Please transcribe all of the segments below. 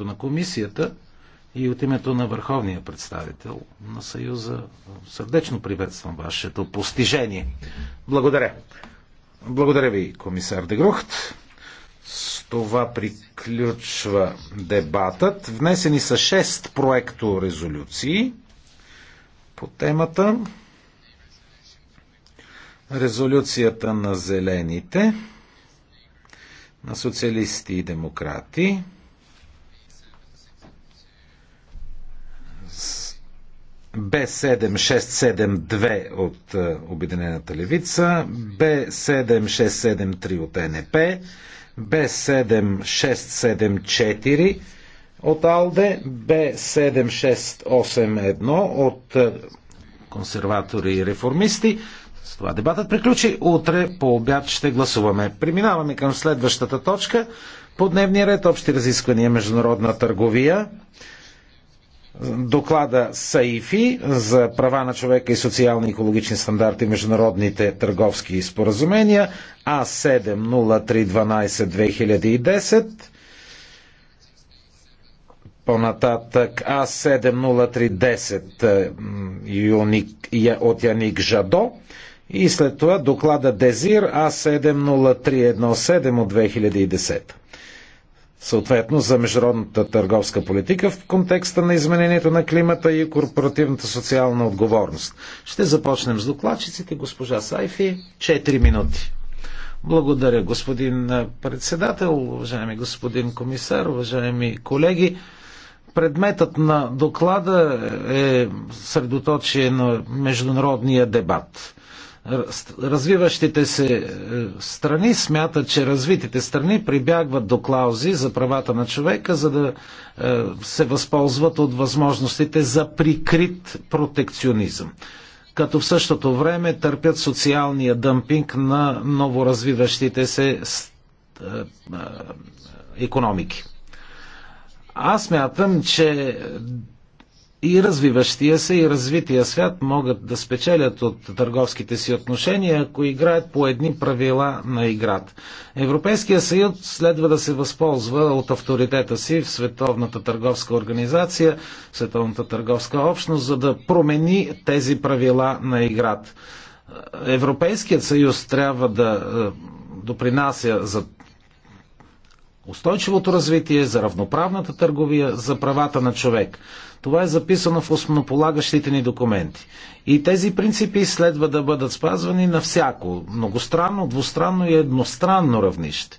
името на комисията и от името на върховния представител на Съюза сърдечно приветствам вашето постижение. Благодаря. Благодаря ви, комисар Дегрухт. С това приключва дебатът. Внесени са 6 проекто резолюции по темата. Резолюцията на зелените, на социалисти и демократи, Б7672 от е, Обединената левица, Б7673 от НП, Б7674 от АЛДЕ, Б7681 от е, консерватори и реформисти. С това дебатът приключи. Утре по обяд ще гласуваме. Преминаваме към следващата точка. По дневния ред общи разисквания международна търговия доклада САИФИ за права на човека и социални и екологични стандарти международните търговски споразумения А70312-2010 по-нататък А70310 е, от Яник Жадо и след това доклада Дезир А70317 от 2010 съответно за международната търговска политика в контекста на изменението на климата и корпоративната социална отговорност. Ще започнем с докладчиците. Госпожа Сайфи, 4 минути. Благодаря, господин председател, уважаеми господин комисар, уважаеми колеги. Предметът на доклада е средоточие на международния дебат. Развиващите се е, страни смятат, че развитите страни прибягват до клаузи за правата на човека, за да е, се възползват от възможностите за прикрит протекционизъм като в същото време търпят социалния дъмпинг на новоразвиващите се е, економики. Аз мятам, че и развиващия се и развития свят могат да спечелят от търговските си отношения, ако играят по едни правила на играта. Европейския съюз следва да се възползва от авторитета си в Световната търговска организация, Световната търговска общност, за да промени тези правила на играта. Европейският съюз трябва да е, допринася за устойчивото развитие, за равноправната търговия, за правата на човек. Това е записано в основополагащите ни документи. И тези принципи следва да бъдат спазвани на всяко многостранно, двустранно и едностранно равнище.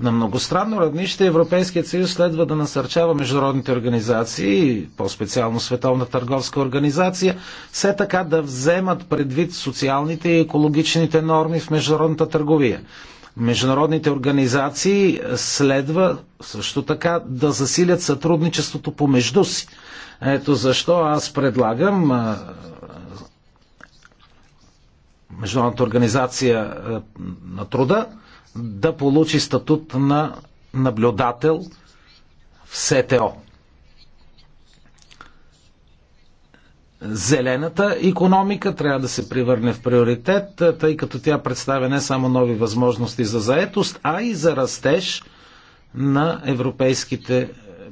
На многостранно равнище Европейският съюз следва да насърчава международните организации, по-специално Световна търговска организация, все така да вземат предвид социалните и екологичните норми в международната търговия. Международните организации следва също така да засилят сътрудничеството помежду си. Ето защо аз предлагам Международната организация на труда да получи статут на наблюдател в СТО. зелената економика трябва да се превърне в приоритет, тъй като тя представя не само нови възможности за заетост, а и за растеж на европейските е,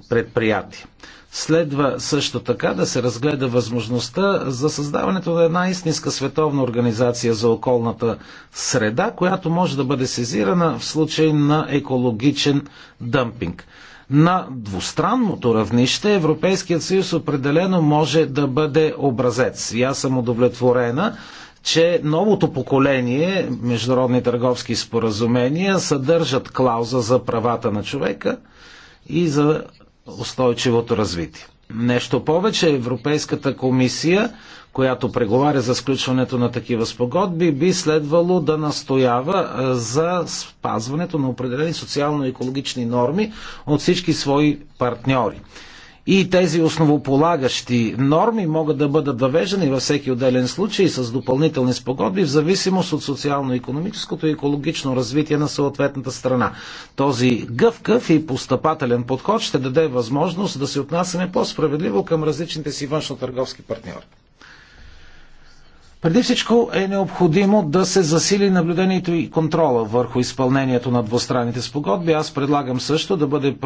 предприятия. Следва също така да се разгледа възможността за създаването на една истинска световна организация за околната среда, която може да бъде сезирана в случай на екологичен дъмпинг на двустранното равнище Европейският съюз определено може да бъде образец. И аз съм удовлетворена, че новото поколение международни търговски споразумения съдържат клауза за правата на човека и за устойчивото развитие. Нещо повече, Европейската комисия която преговаря за сключването на такива спогодби, би следвало да настоява е, за спазването на определени социално-екологични норми от всички свои партньори. И тези основополагащи норми могат да бъдат въвеждани във всеки отделен случай с допълнителни спогодби в зависимост от социално-економическото и екологично развитие на съответната страна. Този гъвкав и постъпателен подход ще даде възможност да се отнасяме по-справедливо към различните си външно-търговски партньори. Преди всичко е необходимо да се засили наблюдението и контрола върху изпълнението на двустранните спогодби. Аз предлагам също да бъде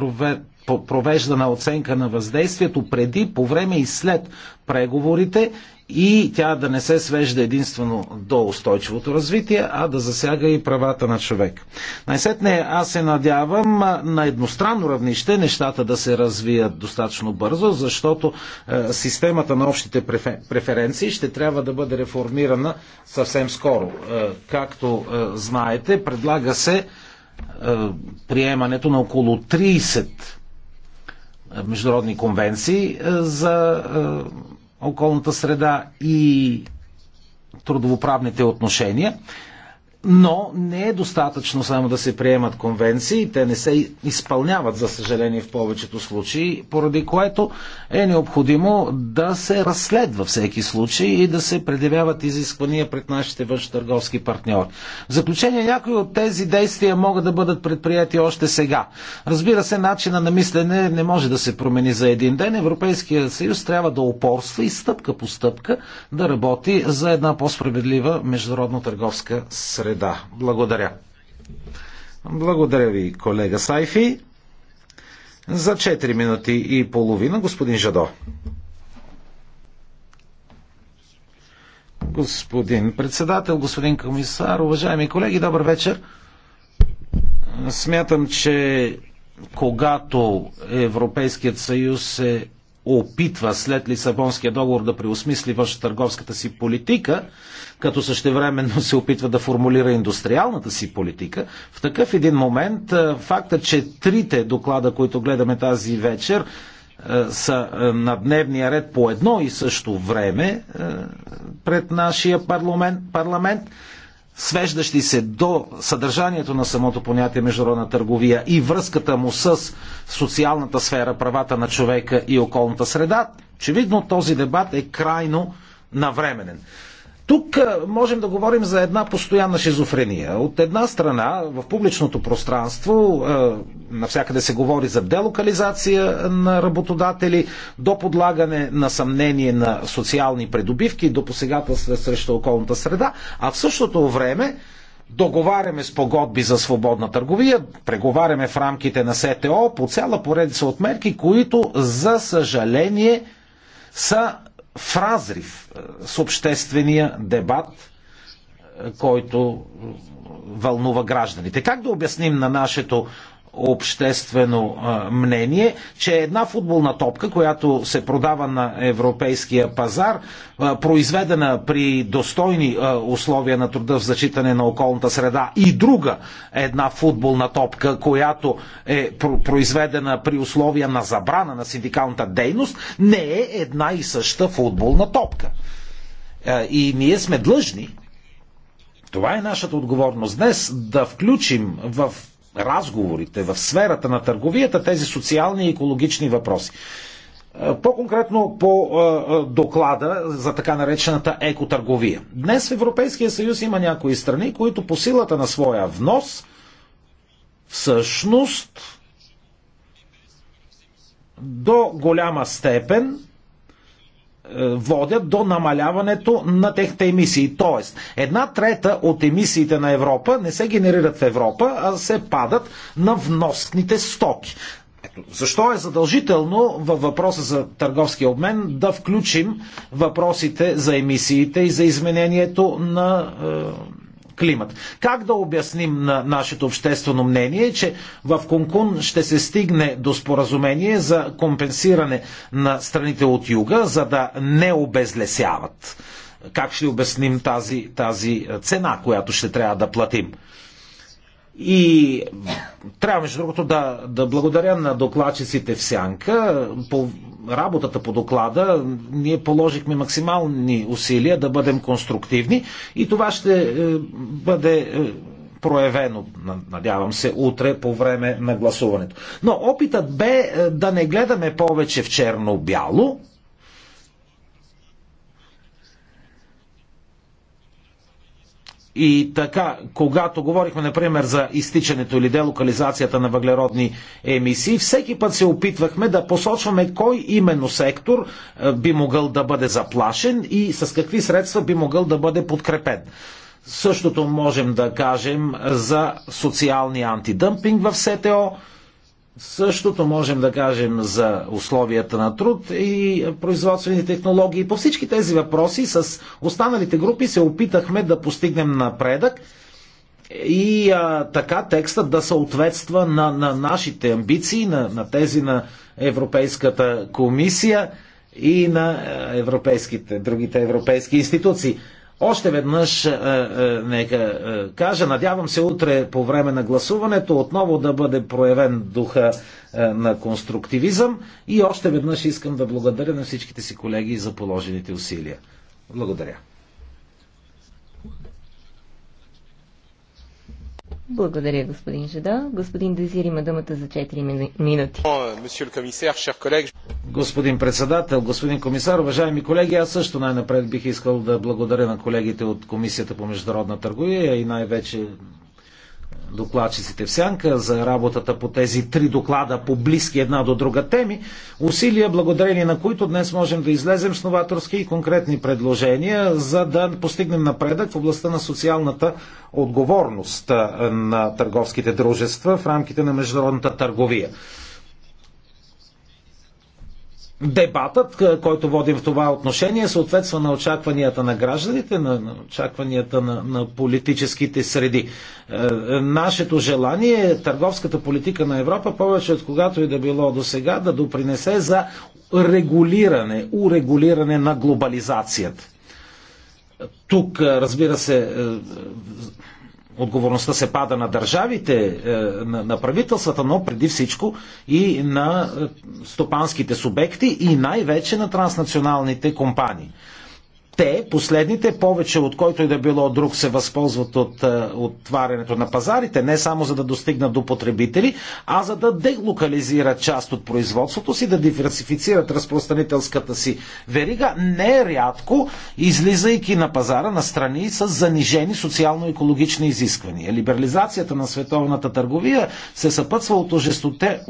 провеждана оценка на въздействието преди, по време и след преговорите и тя да не се свежда единствено до устойчивото развитие, а да засяга и правата на човек. Най-сетне аз се надявам на едностранно равнище нещата да се развият достатъчно бързо, защото е, системата на общите преференции ще трябва да бъде реформирана съвсем скоро. Е, както е, знаете, предлага се приемането на около 30 международни конвенции е, за е, околната среда и трудовоправните отношения но не е достатъчно само да се приемат конвенции, те не се изпълняват, за съжаление, в повечето случаи, поради което е необходимо да се разследва всеки случай и да се предявяват изисквания пред нашите външно-търговски партньори. В заключение, някои от тези действия могат да бъдат предприяти още сега. Разбира се, начина на мислене не може да се промени за един ден. Европейския съюз трябва да опорства и стъпка по стъпка да работи за една по-справедлива международно-търговска среда среда. Благодаря. Благодаря ви, колега Сайфи. За 4 минути и половина, господин Жадо. Господин председател, господин комисар, уважаеми колеги, добър вечер. Смятам, че когато Европейският съюз се опитва след Лисабонския договор да преосмисли външно-търговската си политика, като същевременно се опитва да формулира индустриалната си политика, в такъв един момент е, факта, че трите доклада, които гледаме тази вечер, е, са е, на дневния ред по едно и също време пред нашия парламент, парламент свеждащи се до съдържанието на самото понятие международна търговия и връзката му с социалната сфера, правата на човека и околната среда, очевидно този дебат е крайно навременен. Тук е, можем да говорим за една постоянна шизофрения. От една страна, в публичното пространство е, навсякъде се говори за делокализация на работодатели, до подлагане на съмнение на социални придобивки, до посегателства срещу околната среда, а в същото време договаряме с погодби за свободна търговия, преговаряме в рамките на СТО по цяла поредица от мерки, които, за съжаление, са в разрив е, с обществения дебат, е, който е, вълнува гражданите. Как да обясним на нашето обществено мнение, че една футболна топка, която се продава на европейския пазар, произведена при достойни условия на труда в зачитане на околната среда и друга една футболна топка, която е произведена при условия на забрана на синдикалната дейност, не е една и съща футболна топка. И ние сме длъжни това е нашата отговорност днес да включим в разговорите в сферата на търговията тези социални и екологични въпроси. Е, по-конкретно по е, е, доклада за така наречената екотърговия. Днес в Европейския съюз има някои страни, които по силата на своя внос всъщност до голяма степен е, водят до намаляването на техните емисии. Тоест, една трета от емисиите на Европа не се генерират в Европа, а се падат на вносните стоки. Ето, защо е задължително във въпроса за търговския обмен да включим въпросите за емисиите и за изменението на е, климат. Как да обясним на нашето обществено мнение, че в Конкун ще се стигне до споразумение за компенсиране на страните от юга, за да не обезлесяват? Как ще обясним тази, тази цена, която ще трябва да платим? И трябва, между другото, да, да благодаря на докладчиците в Сянка. По работата по доклада ние положихме максимални усилия да бъдем конструктивни и това ще е, бъде е, проявено, надявам се, утре по време на гласуването. Но опитът бе е, да не гледаме повече в черно-бяло, И така, когато говорихме, например, за изтичането или делокализацията на въглеродни емисии, всеки път се опитвахме да посочваме кой именно сектор е, би могъл да бъде заплашен и с какви средства би могъл да бъде подкрепен. Същото можем да кажем за социалния антидъмпинг в СТО, Същото можем да кажем за условията на труд и производствени технологии. По всички тези въпроси с останалите групи се опитахме да постигнем напредък и а, така текстът да съответства на, на нашите амбиции, на, на тези на Европейската комисия и на европейските, другите европейски институции. Още веднъж е, е, нека е, кажа, надявам се утре по време на гласуването отново да бъде проявен духа на конструктивизъм и още веднъж искам да благодаря на всичките си колеги за положените усилия. Благодаря. Благодаря, господин Жада. Господин Дезир има думата за 4 минути. Господин председател, господин комисар, уважаеми колеги, аз също най-напред бих искал да благодаря на колегите от Комисията по международна търговия и най-вече докладчиците в Сянка за работата по тези три доклада по близки една до друга теми, усилия, благодарение на които днес можем да излезем с новаторски и конкретни предложения, за да постигнем напредък в областта на социалната отговорност на търговските дружества в рамките на международната търговия дебатът, който водим в това отношение, съответства на очакванията на гражданите, на, очакванията на, на политическите среди. Е, е, нашето желание е търговската политика на Европа, повече от когато и да било до сега, да допринесе за регулиране, урегулиране на глобализацията. Тук, е, разбира се, е, отговорността се пада на държавите, е, на правителствата, но преди всичко и на е, стопанските субекти и най-вече на транснационалните компании те, последните, повече от който и да било друг, се възползват от е, отварянето на пазарите, не само за да достигнат до потребители, а за да делокализират част от производството си, да диверсифицират разпространителската си верига, нерядко излизайки на пазара на страни с занижени социално-екологични изисквания. Либерализацията на световната търговия се съпътства от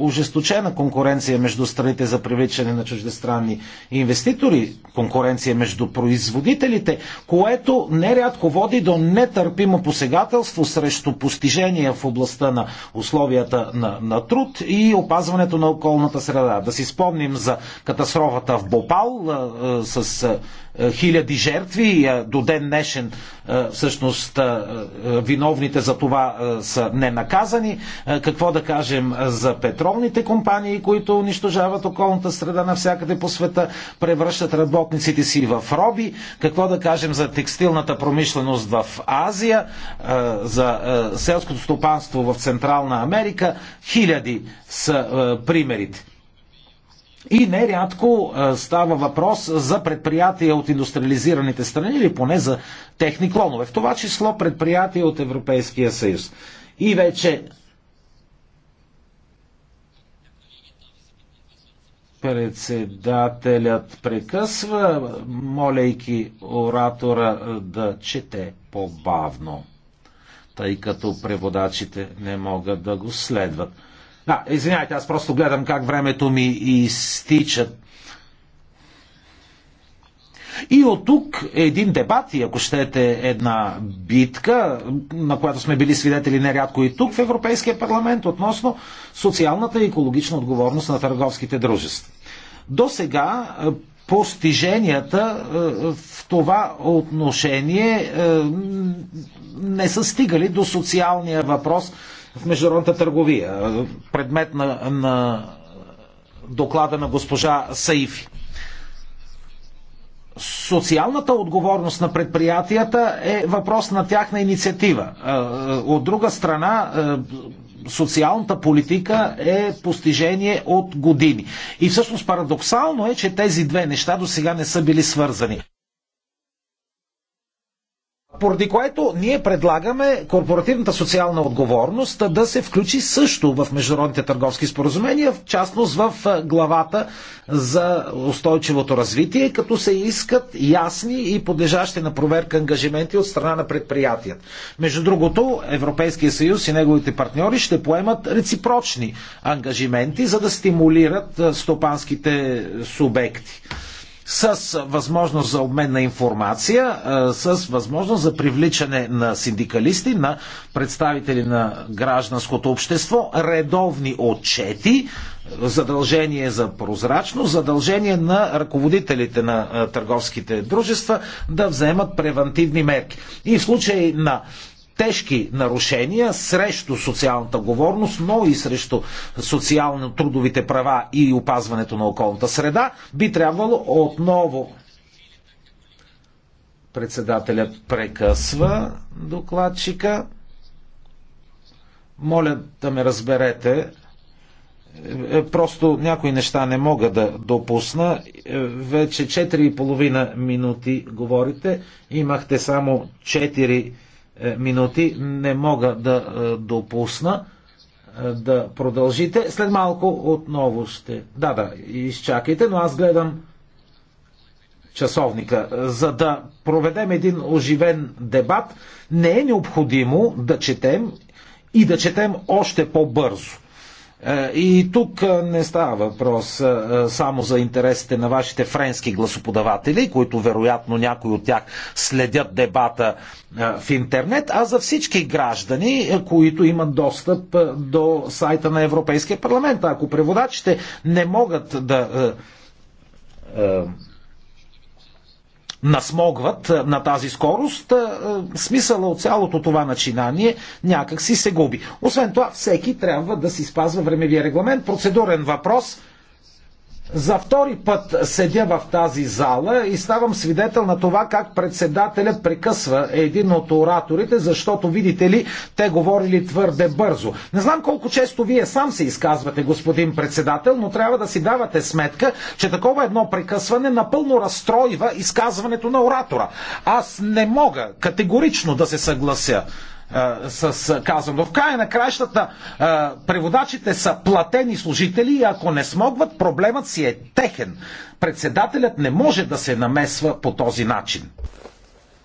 ожесточена конкуренция между страните за привличане на чуждестранни инвеститори, конкуренция между производители производителите, което нерядко води до нетърпимо посегателство срещу постижения в областта на условията на, на труд и опазването на околната среда. Да си спомним за катастрофата в Бопал с е, хиляди жертви. Е, до ден днешен е, всъщност виновните за това са ненаказани. Какво да кажем за петролните компании, които унищожават околната среда навсякъде по света, превръщат работниците си в роби. Какво да кажем за текстилната промишленост в Азия, за селското стопанство в Централна Америка. Хиляди са примерите. И нерядко става въпрос за предприятия от индустриализираните страни или поне за техни клонове, в това число предприятия от Европейския съюз. И вече председателят прекъсва, молейки оратора да чете по-бавно, тъй като преводачите не могат да го следват. Да, извинявайте, аз просто гледам как времето ми изтича. И от тук е един дебат и ако щете една битка, на която сме били свидетели нерядко и тук в Европейския парламент относно социалната и екологична отговорност на търговските дружества. До сега е, постиженията е, в това отношение е, не са стигали до социалния въпрос в международната търговия, предмет на, на доклада на госпожа Саифи. Социалната отговорност на предприятията е въпрос на тяхна инициатива. Е, от друга страна, е, социалната политика е постижение от години. И всъщност парадоксално е, че тези две неща до сега не са били свързани. Поради което ние предлагаме корпоративната социална отговорност да се включи също в международните търговски споразумения, в частност в главата за устойчивото развитие, като се искат ясни и подлежащи на проверка ангажименти от страна на предприятията. Между другото, Европейския съюз и неговите партньори ще поемат реципрочни ангажименти, за да стимулират стопанските субекти с възможност за обмен на информация, с възможност за привличане на синдикалисти, на представители на гражданското общество, редовни отчети, задължение за прозрачност, задължение на ръководителите на търговските дружества да вземат превантивни мерки. И в случай на тежки нарушения срещу социалната говорност, но и срещу социално-трудовите права и опазването на околната среда, би трябвало отново председателят прекъсва докладчика. Моля да ме разберете. Е, просто някои неща не мога да допусна. Е, вече 4,5 минути говорите. Имахте само 4 е, минути не мога да е, допусна е, да продължите. След малко отново ще... Да, да, изчакайте, но аз гледам часовника. За да проведем един оживен дебат, не е необходимо да четем и да четем още по-бързо. Е, и тук е, не става въпрос е, само за интересите на вашите френски гласоподаватели, които вероятно някои от тях следят дебата в интернет, а за всички граждани, които имат достъп до сайта на Европейския парламент. Ако преводачите не могат да насмогват на тази скорост, смисъла от цялото това начинание някак си се губи. Освен това, всеки трябва да си спазва времевия регламент. Процедурен въпрос – за втори път седя в тази зала и ставам свидетел на това как председателят прекъсва един от ораторите, защото, видите ли, те говорили твърде бързо. Не знам колко често вие сам се изказвате, господин председател, но трябва да си давате сметка, че такова едно прекъсване напълно разстройва изказването на оратора. Аз не мога категорично да се съглася а, с казано. В края на краищата преводачите са платени служители и ако не смогват, проблемът си е техен. Председателят не може да се намесва по този начин.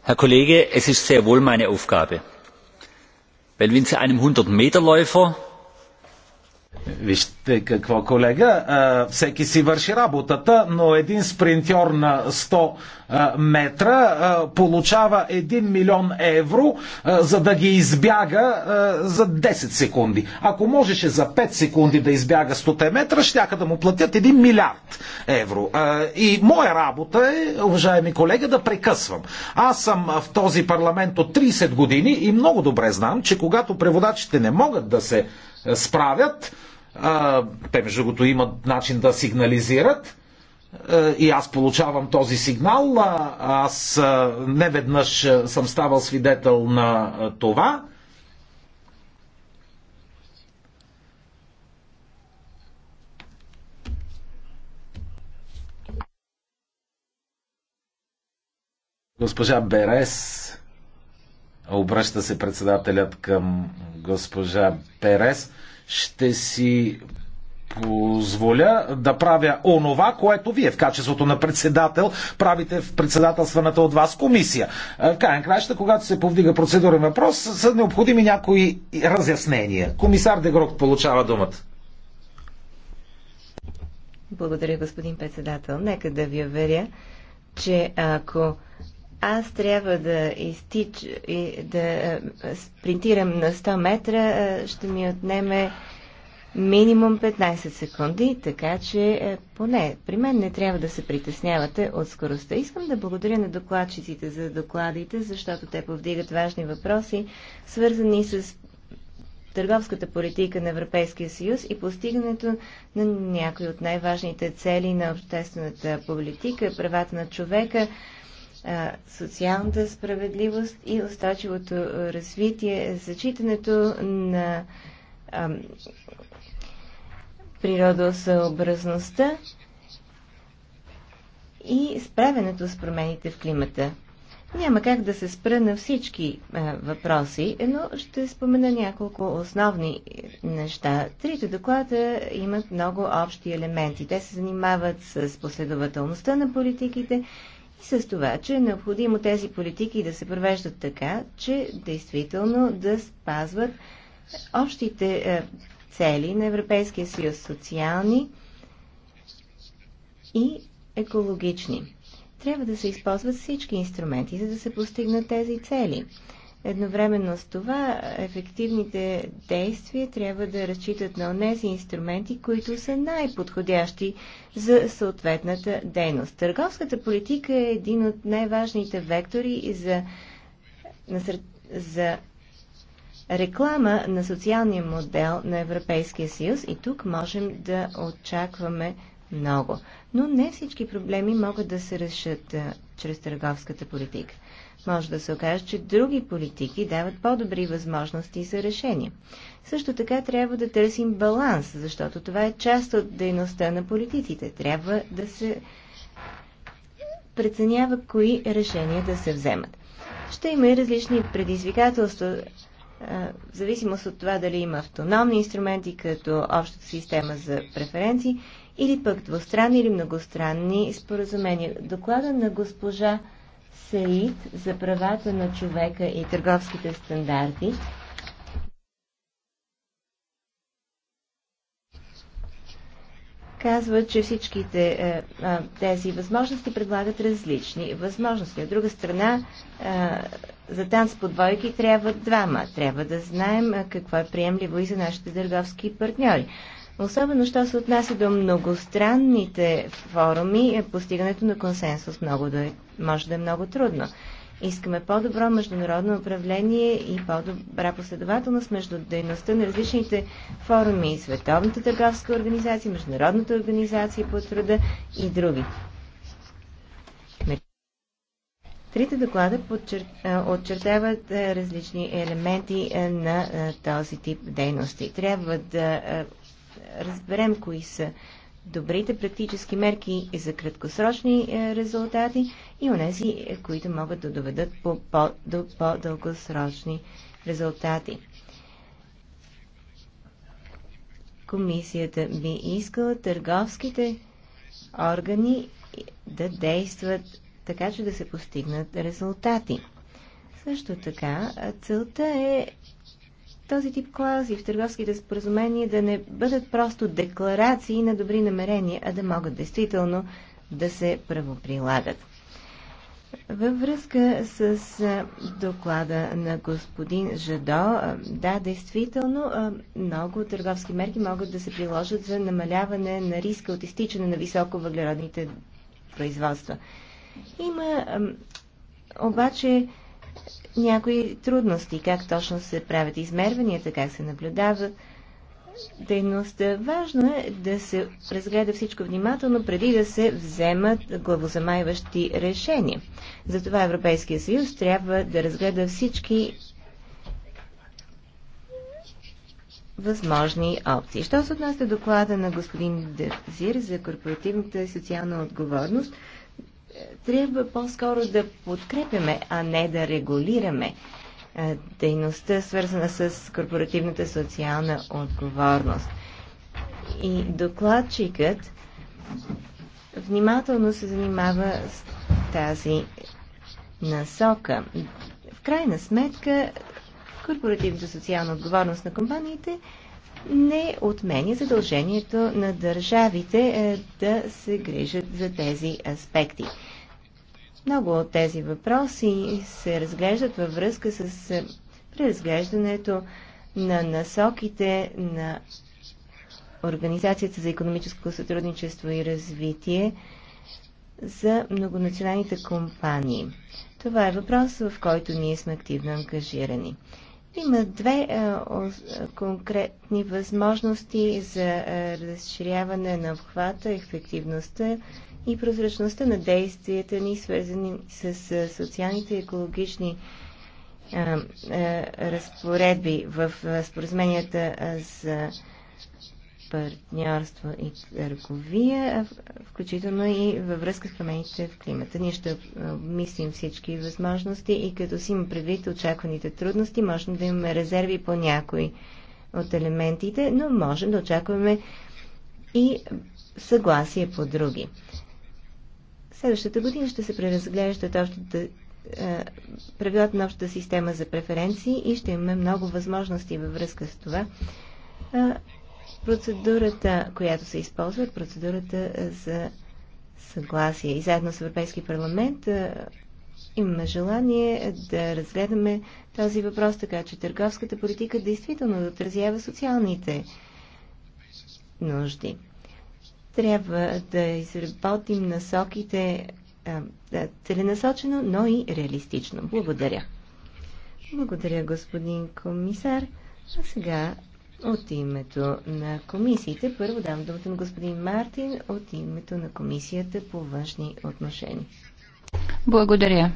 Herr Kollege, es ist sehr wohl meine Aufgabe. Wenn wir zu einem 100-Meter-Läufer Вижте какво, колега. Всеки си върши работата, но един спринтьор на 100 метра получава 1 милион евро, за да ги избяга за 10 секунди. Ако можеше за 5 секунди да избяга 100 метра, щяха да му платят 1 милиард евро. И моя работа е, уважаеми колега, да прекъсвам. Аз съм в този парламент от 30 години и много добре знам, че когато преводачите не могат да се справят, те, между другото, имат начин да сигнализират. Е, и аз получавам този сигнал. Аз е, не веднъж е, съм ставал свидетел на това. Госпожа Берес обръща се председателят към госпожа Перес ще си позволя да правя онова, което вие в качеството на председател правите в председателстваната от вас комисия. Е, в крайна краща, когато се повдига процедурен въпрос, са необходими някои разяснения. Комисар Дегрок получава думата. Благодаря, господин председател. Нека да ви уверя, че ако аз трябва да изтич, да спринтирам на 100 метра, ще ми отнеме минимум 15 секунди, така че поне при мен не трябва да се притеснявате от скоростта. Искам да благодаря на докладчиците за докладите, защото те повдигат важни въпроси, свързани с търговската политика на Европейския съюз и постигането на някои от най-важните цели на обществената политика, правата на човека, социалната справедливост и устойчивото развитие, зачитането на природосъобразността и справянето с промените в климата. Няма как да се спра на всички а, въпроси, но ще спомена няколко основни е, неща. Трите доклада имат много общи елементи. Те се занимават с последователността на политиките, и с това, че е необходимо тези политики да се провеждат така, че действително да спазват общите е, цели на Европейския съюз социални и екологични. Трябва да се използват всички инструменти, за да се постигнат тези цели. Едновременно с това, ефективните действия трябва да разчитат на тези инструменти, които са най-подходящи за съответната дейност. Търговската политика е един от най-важните вектори за, за реклама на социалния модел на Европейския съюз и тук можем да очакваме много. Но не всички проблеми могат да се решат а, чрез търговската политика. Може да се окаже, че други политики дават по-добри възможности за решение. Също така трябва да търсим баланс, защото това е част от дейността на политиците. Трябва да се преценява кои решения да се вземат. Ще има и различни предизвикателства, в зависимост от това дали има автономни инструменти, като общата система за преференции, или пък двустранни или многостранни споразумения. Доклада на госпожа Саид за правата на човека и търговските стандарти. Казва, че всичките а, е, а, тези възможности предлагат различни възможности. От друга страна, а, е, за танц по двойки трябва двама. Трябва да знаем е, какво е приемливо и за нашите дърговски партньори. Особено, що се отнася до многостранните форуми, е постигането на консенсус много да е, може да е много трудно. Искаме по-добро международно управление и по-добра последователност между дейността на различните форуми, Световната търговска организация, Международната организация по труда и други. Трите доклада отчертават различни елементи на този тип дейности. Трябва да разберем кои са добрите практически мерки за краткосрочни е, резултати и онези, е, които могат да доведат по, по, до по-дългосрочни резултати. Комисията би искала търговските органи да действат така, че да се постигнат резултати. Също така, целта е този тип клаузи в търговските споразумения да не бъдат просто декларации на добри намерения, а да могат действително да се правоприлагат. Във връзка с доклада на господин Жадо, да, действително много търговски мерки могат да се приложат за намаляване на риска от изтичане на високо въглеродните производства. Има обаче някои трудности, как точно се правят измерванията, как се наблюдава дейността. Важно е да се разгледа всичко внимателно, преди да се вземат главозамайващи решения. Затова Европейския съюз трябва да разгледа всички възможни опции. Що се отнася доклада на господин Дезир за корпоративната и социална отговорност, трябва по-скоро да подкрепяме, а не да регулираме е, дейността, свързана с корпоративната социална отговорност. И докладчикът внимателно се занимава с тази насока. В крайна сметка, корпоративната социална отговорност на компаниите не отменя задължението на държавите е, да се грижат за тези аспекти. Много от тези въпроси се разглеждат във връзка с е, преразглеждането на насоките на Организацията за економическо сътрудничество и развитие за многонационалните компании. Това е въпрос, в който ние сме активно ангажирани. Има две е, конкретни възможности за е, разширяване на обхвата, ефективността и прозрачността на действията ни, свързани с е, социалните и екологични разпоредби в споразуменията за партньорство и търговия, включително и във връзка с промените в климата. Ние ще мислим всички възможности и като си има предвид очакваните трудности, можем да имаме резерви по някои от елементите, но можем да очакваме и съгласие по други. Следващата година ще се преразглеждат общата е, правилата на общата система за преференции и ще имаме много възможности във връзка с това е, процедурата, която се използва, е процедурата е, за съгласие. И заедно с Европейски парламент е, имаме желание да разгледаме този въпрос, така че търговската политика действително да отразява социалните нужди. Трябва да изработим насоките е, целенасочено, но и реалистично. Благодаря. Благодаря, господин комисар. А сега от името на комисиите. Първо дам думата на господин Мартин от името на комисията по външни отношения. Благодаря.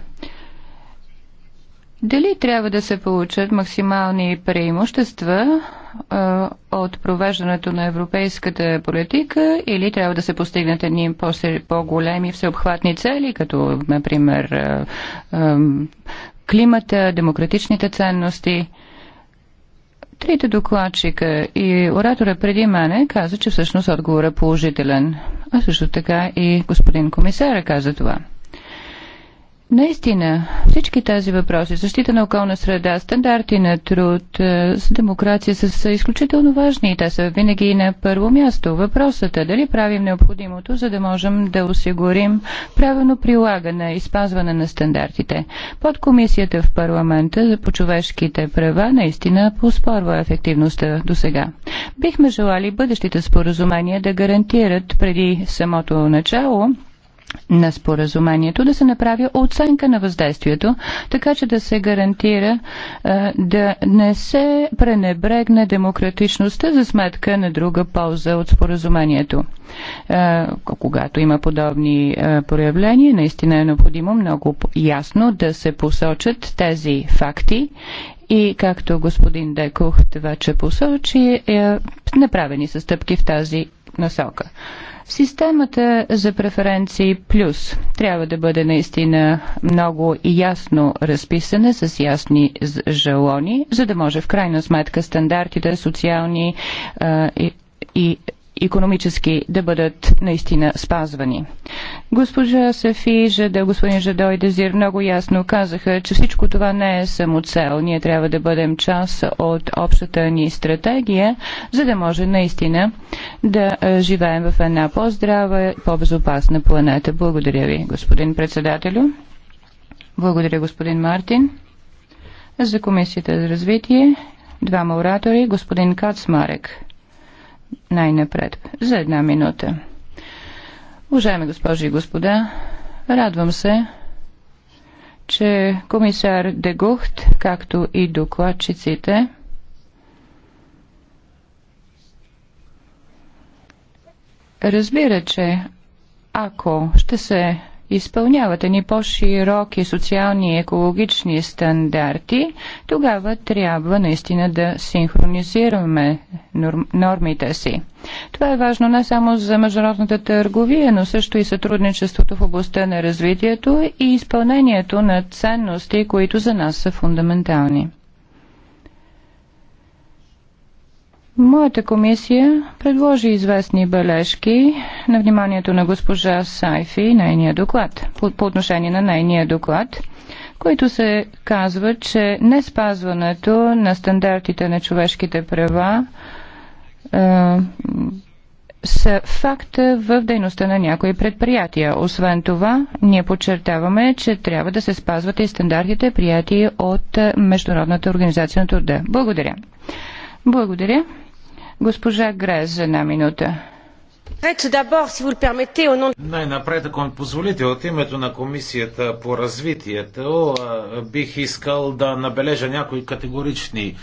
Дали трябва да се получат максимални преимущества а, от провеждането на европейската политика или трябва да се постигнат едни по-големи всеобхватни цели, като, например, а, а, климата, демократичните ценности? Трите докладчика и оратора преди мене каза, че всъщност отговор е положителен. А също така и господин комисар каза това. Наистина, всички тези въпроси, защита на околна среда, стандарти на труд, е, с демокрация са, са изключително важни и те са винаги на първо място. Въпросът е дали правим необходимото, за да можем да осигурим правилно прилагане и спазване на стандартите. Под комисията в парламента по човешките права наистина поспорва ефективността до сега. Бихме желали бъдещите споразумения да гарантират преди самото начало на споразумението, да се направи оценка на въздействието, така че да се гарантира да не се пренебрегне демократичността за сметка на друга полза от споразумението. когато има подобни проявления, наистина е необходимо много ясно да се посочат тези факти и както господин Декух вече посочи, е, направени са стъпки в тази насока. Системата за преференции плюс трябва да бъде наистина много ясно разписана с ясни жалони, за да може в крайна сметка стандартите социални а, и, и економически да бъдат наистина спазвани. Госпожа Сафи, Жаде, господин Жадо и Дезир много ясно казаха, че всичко това не е само цел. Ние трябва да бъдем част от общата ни стратегия, за да може наистина да живеем в една по-здрава, по-безопасна планета. Благодаря ви, господин председателю. Благодаря, господин Мартин. За Комисията за развитие двама оратори, господин Кацмарек най-напред за една минута. Уважаеми госпожи и господа, радвам се, че комисар Дегухт, както и докладчиците, разбира, че ако ще се изпълняват ни по-широки социални и екологични стандарти, тогава трябва наистина да синхронизираме нормите си. Това е важно не само за международната търговия, но също и сътрудничеството в областта на развитието и изпълнението на ценности, които за нас са фундаментални. Моята комисия предложи известни бележки на вниманието на госпожа Сайфи и нейния доклад, по, по отношение на нейния доклад, които се казва, че не спазването на стандартите на човешките права е, са факт в дейността на някои предприятия. Освен това, ние подчертаваме, че трябва да се спазват и стандартите, прияти от Международната организация на труда. Благодаря. Благодаря. Госпожа Грес за една минута. Най-напред, ако ми позволите, от името на Комисията по развитието бих искал да набележа някои категорични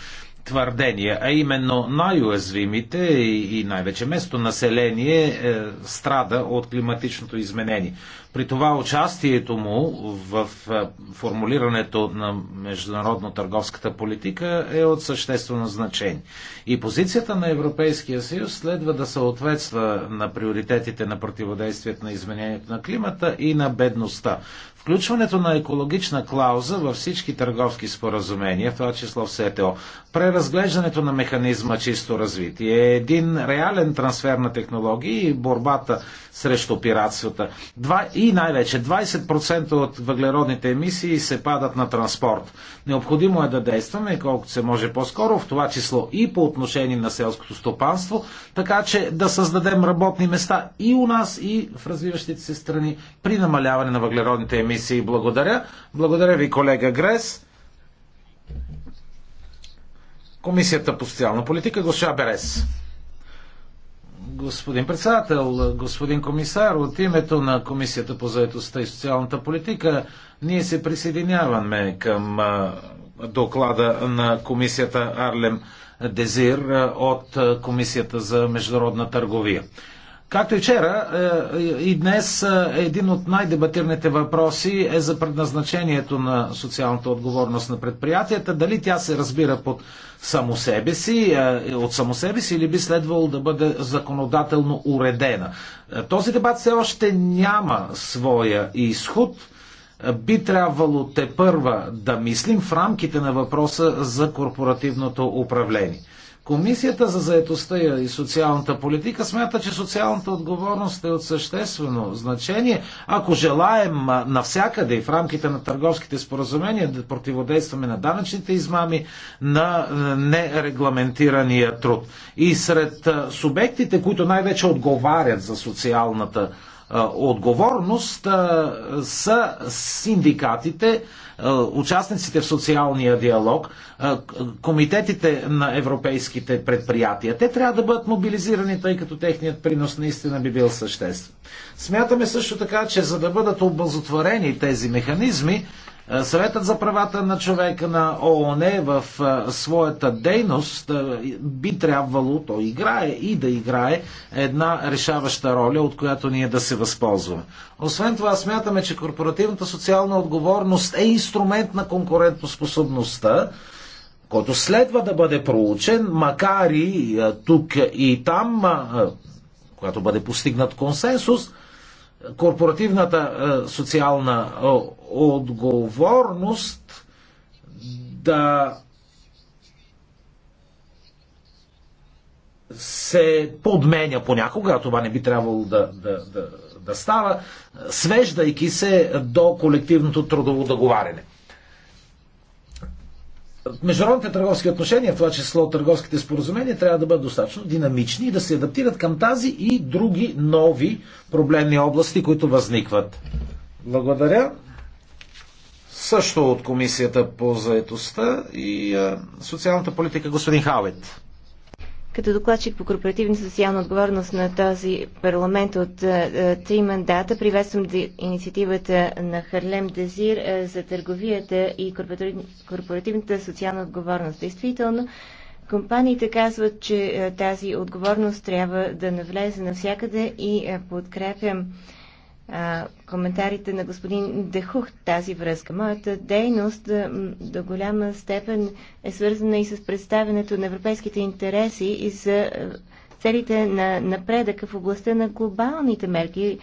твърдения, а именно най-уязвимите и най-вече место население е, страда от климатичното изменение. При това участието му в е, формулирането на международно-търговската политика е от съществено значение. И позицията на Европейския съюз следва да съответства на приоритетите на противодействието на изменението на климата и на бедността. Включването на екологична клауза във всички търговски споразумения, в това число в СТО, преразглеждането на механизма чисто развитие, е един реален трансфер на технологии и борбата срещу пиратствата. Два, и най-вече 20% от въглеродните емисии се падат на транспорт. Необходимо е да действаме колкото се може по-скоро, в това число и по отношение на селското стопанство, така че да създадем работни места и у нас, и в развиващите се страни при намаляване на въглеродните емисии емисии. Благодаря. Благодаря ви, колега Грес. Комисията по социална политика, госпожа Берес. Господин председател, господин комисар, от името на Комисията по заедостта и социалната политика ние се присъединяваме към доклада на комисията Арлем Дезир от Комисията за международна търговия. Както и вчера, е, и днес е, един от най-дебатираните въпроси е за предназначението на социалната отговорност на предприятията. Дали тя се разбира под само себе си, е, от само себе си или би следвало да бъде законодателно уредена. Този дебат все още няма своя изход. Би трябвало те първа да мислим в рамките на въпроса за корпоративното управление. Комисията за заедостта и социалната политика смята, че социалната отговорност е от съществено значение. Ако желаем навсякъде и в рамките на търговските споразумения да противодействаме на данъчните измами, на нерегламентирания труд. И сред субектите, които най-вече отговарят за социалната отговорност са синдикатите, участниците в социалния диалог, комитетите на европейските предприятия. Те трябва да бъдат мобилизирани, тъй като техният принос наистина би бил съществен. Смятаме също така, че за да бъдат обозотворени тези механизми, е, Съветът за правата на човека на ООН в е, своята дейност е, би трябвало, то играе и да играе една решаваща роля, от която ние да се възползваме. Освен това, смятаме, че корпоративната социална отговорност е инструмент на конкурентоспособността, който следва да бъде проучен, макар и тук и там, когато бъде постигнат консенсус, корпоративната е, социална е, отговорност да се подменя понякога, а това не би трябвало да, да, да, да става, свеждайки се до колективното трудово договаряне международните търговски отношения, в това число търговските споразумения, трябва да бъдат достатъчно динамични и да се адаптират към тази и други нови проблемни области, които възникват. Благодаря. Също от Комисията по заедостта и социалната политика господин Хавет. Като докладчик по корпоративна социална отговорност на този парламент от е, е, три мандата, приветствам инициативата на Харлем Дезир е, за търговията и корпоративната социална отговорност. Действително, компаниите казват, че тази отговорност трябва да навлезе навсякъде и подкрепям а, коментарите на господин Дехух тази връзка. Моята дейност а, до голяма степен е свързана и с представенето на европейските интереси и за целите на напредъка в областта на глобалните мерки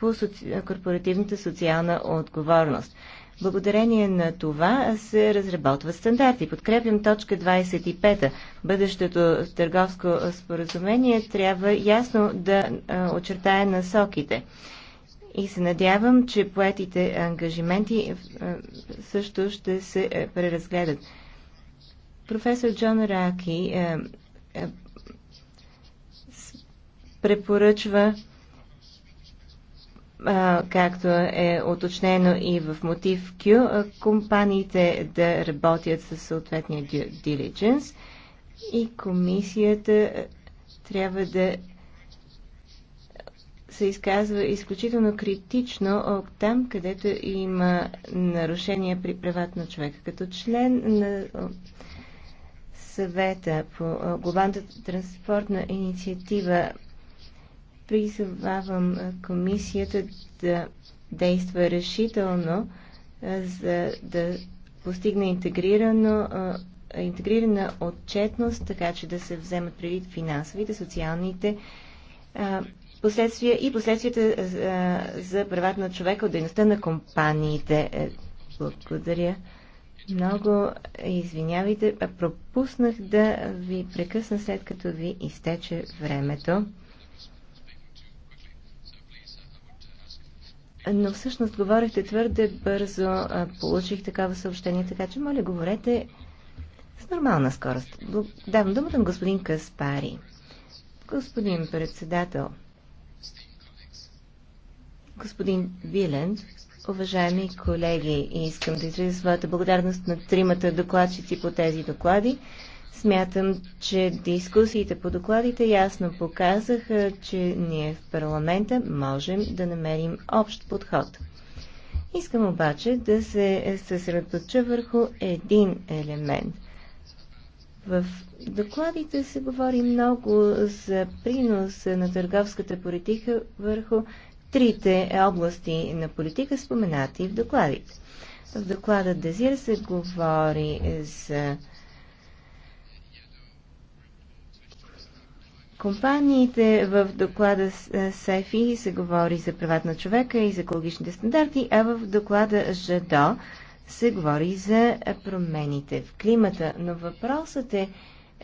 по соци... корпоративната социална отговорност. Благодарение на това се разработват стандарти. Подкрепям точка 25. Бъдещето търговско споразумение трябва ясно да очертае насоките и се надявам, че поетите ангажименти е, също ще се е, преразгледат. Професор Джон Раки е, препоръчва, както е уточнено и в мотив Q, компаниите да работят със съответния diligence и комисията трябва да се изказва изключително критично от там, където има нарушения при правата на човека. Като член на съвета по глобалната транспортна инициатива призовавам комисията да действа решително, за да постигне интегрирано, интегрирана отчетност, така че да се вземат предвид финансовите, социалните последствия и последствията за правата на човека от дейността на компаниите. Е, благодаря. Много извинявайте, пропуснах да ви прекъсна след като ви изтече времето. Но всъщност говорихте твърде бързо, получих такава съобщение, така че моля говорете с нормална скорост. Давам думата на господин Каспари. Господин председател, Господин Вилен, уважаеми колеги, искам да изразя своята благодарност на тримата докладчици по тези доклади. Смятам, че дискусиите по докладите ясно показаха, че ние в парламента можем да намерим общ подход. Искам обаче да се съсредоточа върху един елемент. В докладите се говори много за приноса на търговската политика върху трите области на политика, споменати в докладите. В доклада Дезир се говори за компаниите, в доклада СЕФИ се говори за правата на човека и за екологичните стандарти, а в доклада ЖАДО се говори за промените в климата. Но въпросът е,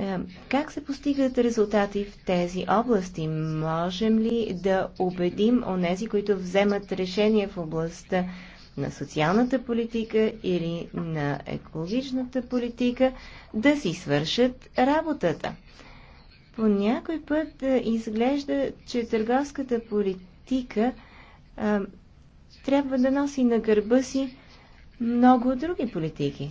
е, как се постигат резултати в тези области? Можем ли да убедим онези, които вземат решения в областта на социалната политика или на екологичната политика, да си свършат работата? По някой път е, изглежда, че търговската политика а, е, трябва да носи на гърба си много други политики.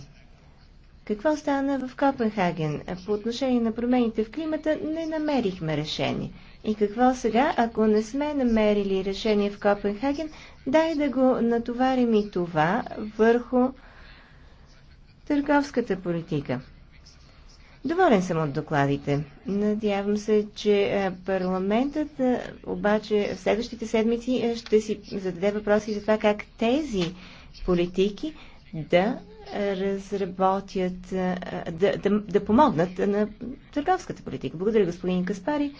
Какво стана в Копенхаген? По отношение на промените в климата не намерихме решение. И какво сега, ако не сме намерили решение в Копенхаген, дай да го натоварим и това върху търговската политика. Доволен съм от докладите. Надявам се, че е, парламентът е, обаче в следващите седмици е, ще си зададе въпроси за това как тези политики да разработят, да, да, да помогнат на търговската политика. Благодаря, господин Каспари.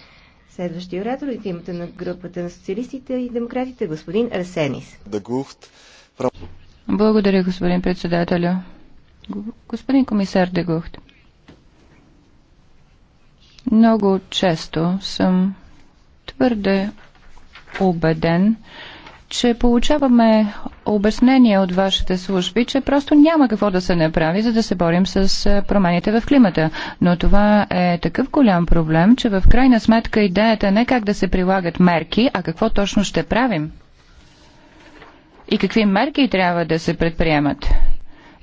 Следващия оратор от името на групата на социалистите и демократите, господин Арсенис. Благодаря, господин председател. Господин комисар Дегухт, много често съм твърде убеден, че получаваме обяснение от вашите служби, че просто няма какво да се направи, за да се борим с промените в климата. Но това е такъв голям проблем, че в крайна сметка идеята е не как да се прилагат мерки, а какво точно ще правим. И какви мерки трябва да се предприемат.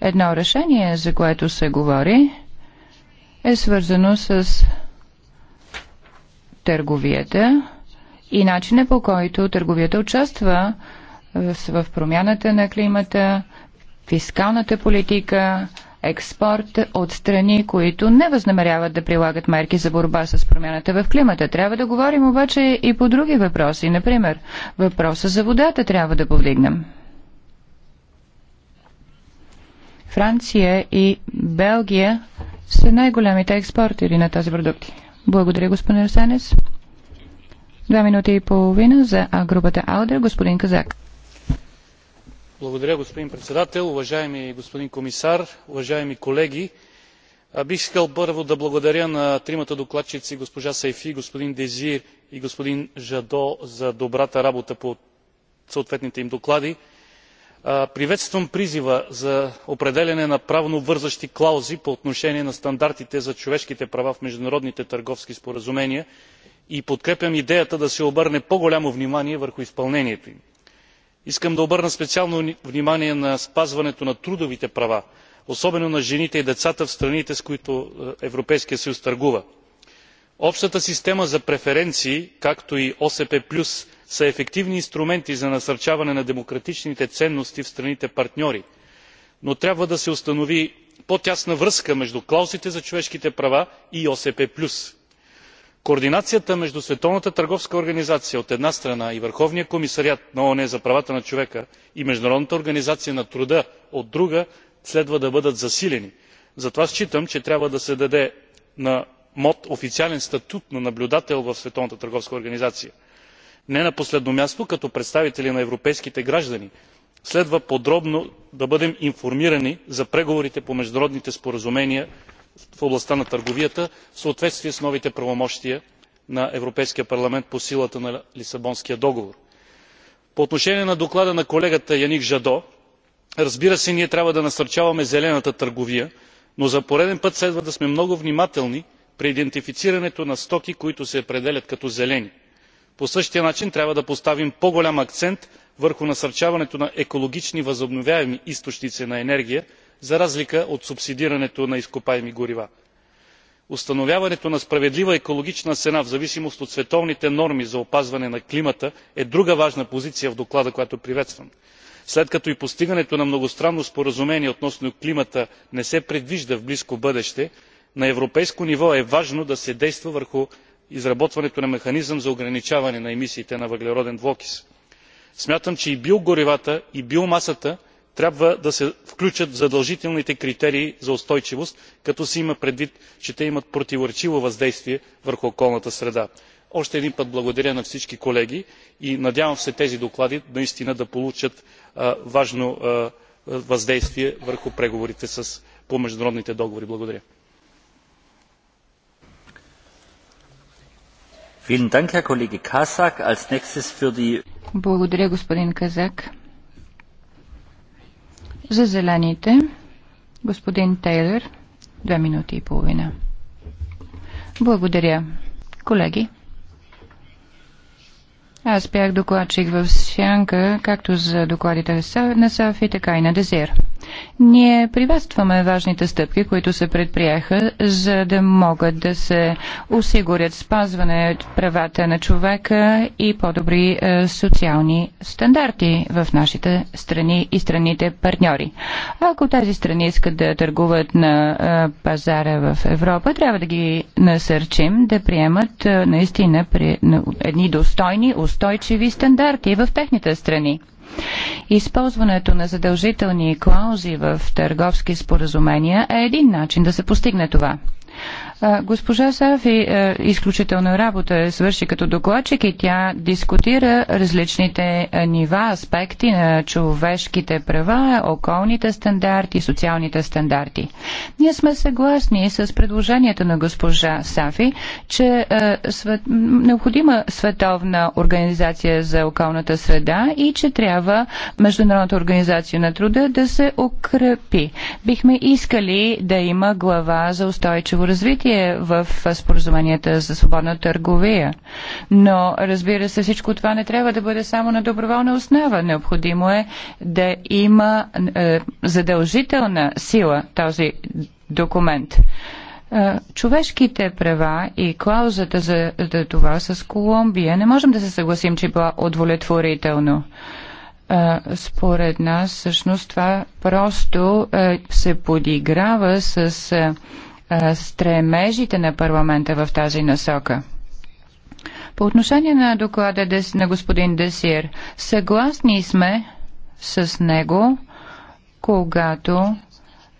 Едно решение, за което се говори, е свързано с търговията, и начина по който търговията участва в промяната на климата, фискалната политика, експорт от страни, които не възнамеряват да прилагат мерки за борба с промяната в климата. Трябва да говорим обаче и по други въпроси. Например, въпроса за водата трябва да повдигнем. Франция и Белгия са най-големите експортери на тази продукти. Благодаря, господин Арсенес. Два минути и половина за групата Аудер, господин Казак. Благодаря, господин председател, уважаеми господин комисар, уважаеми колеги. Бих искал първо да благодаря на тримата докладчици, госпожа Сайфи, господин Дезир и господин Жадо за добрата работа по съответните им доклади. Приветствам призива за определене на правно вързащи клаузи по отношение на стандартите за човешките права в международните търговски споразумения и подкрепям идеята да се обърне по голямо внимание върху изпълнението им. искам да обърна специално внимание на спазването на трудовите права особено на жените и децата в страните с които е, европейският съюз търгува. общата система за преференции както и осп са ефективни инструменти за насърчаване на демократичните ценности в страните партньори но трябва да се установи по тясна връзка между клаузите за човешките права и осп координацията между световната търговска организация от една страна и върховния комисариат на оон за правата на човека и международната организация на труда от друга следва да бъдат засилени. затова считам че трябва да се даде на мот официален статут на наблюдател в световната търговска организация. не на последно място като представители на европейските граждани следва подробно да бъдем информирани за преговорите по международните споразумения в областта на търговията в съответствие с новите правомощия на европейския парламент по силата на лисабонския договор. по отношение на доклада на колегата Яник Жадо, разбира се ние трябва да насърчаваме зелената търговия но за пореден път следва да сме много внимателни при идентифицирането на стоки които се определят като зелени. по същия начин трябва да поставим по голям акцент върху насърчаването на екологични възобновяеми източници на енергия за разлика от субсидирането на изкопаеми горива. установяването на справедлива екологична цена в зависимост от световните норми за опазване на климата е друга важна позиция в доклада която приветствам. след като и постигането на многостранно споразумение относно климата не се предвижда в близко бъдеще на европейско ниво е важно да се действа върху изработването на механизъм за ограничаване на емисиите на въглероден двуокис. смятам че и биогоривата и биомасата трябва да се включат в задължителните критерии за устойчивост като се има предвид че те имат противоречиво въздействие върху околната среда. още един път благодаря на всички колеги и надявам се тези доклади наистина да получат важно въздействие върху преговорите по международните договори. благодаря. благодаря господин казак. За зелените, господин Тейлър, две минути и половина. Благодаря. Колеги, аз бях докладчик в Сянка, както за докладите на САФ и така и на Дезир. Ние приветстваме важните стъпки, които се предприеха, за да могат да се осигурят спазване от правата на човека и по-добри е, социални стандарти в нашите страни и страните партньори. Ако тези страни искат да търгуват на е, пазара в Европа, трябва да ги насърчим да приемат е, наистина едни достойни, устойчиви стандарти в техните страни. Използването на задължителни клаузи в търговски споразумения е един начин да се постигне това. Госпожа Сафи е, изключителна работа е свърши като докладчик и тя дискутира различните е, нива, аспекти на човешките права, околните стандарти, социалните стандарти. Ние сме съгласни с предложението на госпожа Сафи, че е, свет... необходима световна организация за околната среда и че трябва Международната организация на труда да се укрепи. Бихме искали да има глава за устойчиво развитие развитие в споразуменията за свободна търговия. Но, разбира се, всичко това не трябва да бъде само на доброволна основа. Необходимо е да има е, задължителна сила този документ е, човешките права и клаузата за, за това с Колумбия не можем да се съгласим, че била удовлетворително. Е, според нас, всъщност, това просто е, се подиграва с стремежите на парламента в тази насока. По отношение на доклада на господин Десир, съгласни сме с него, когато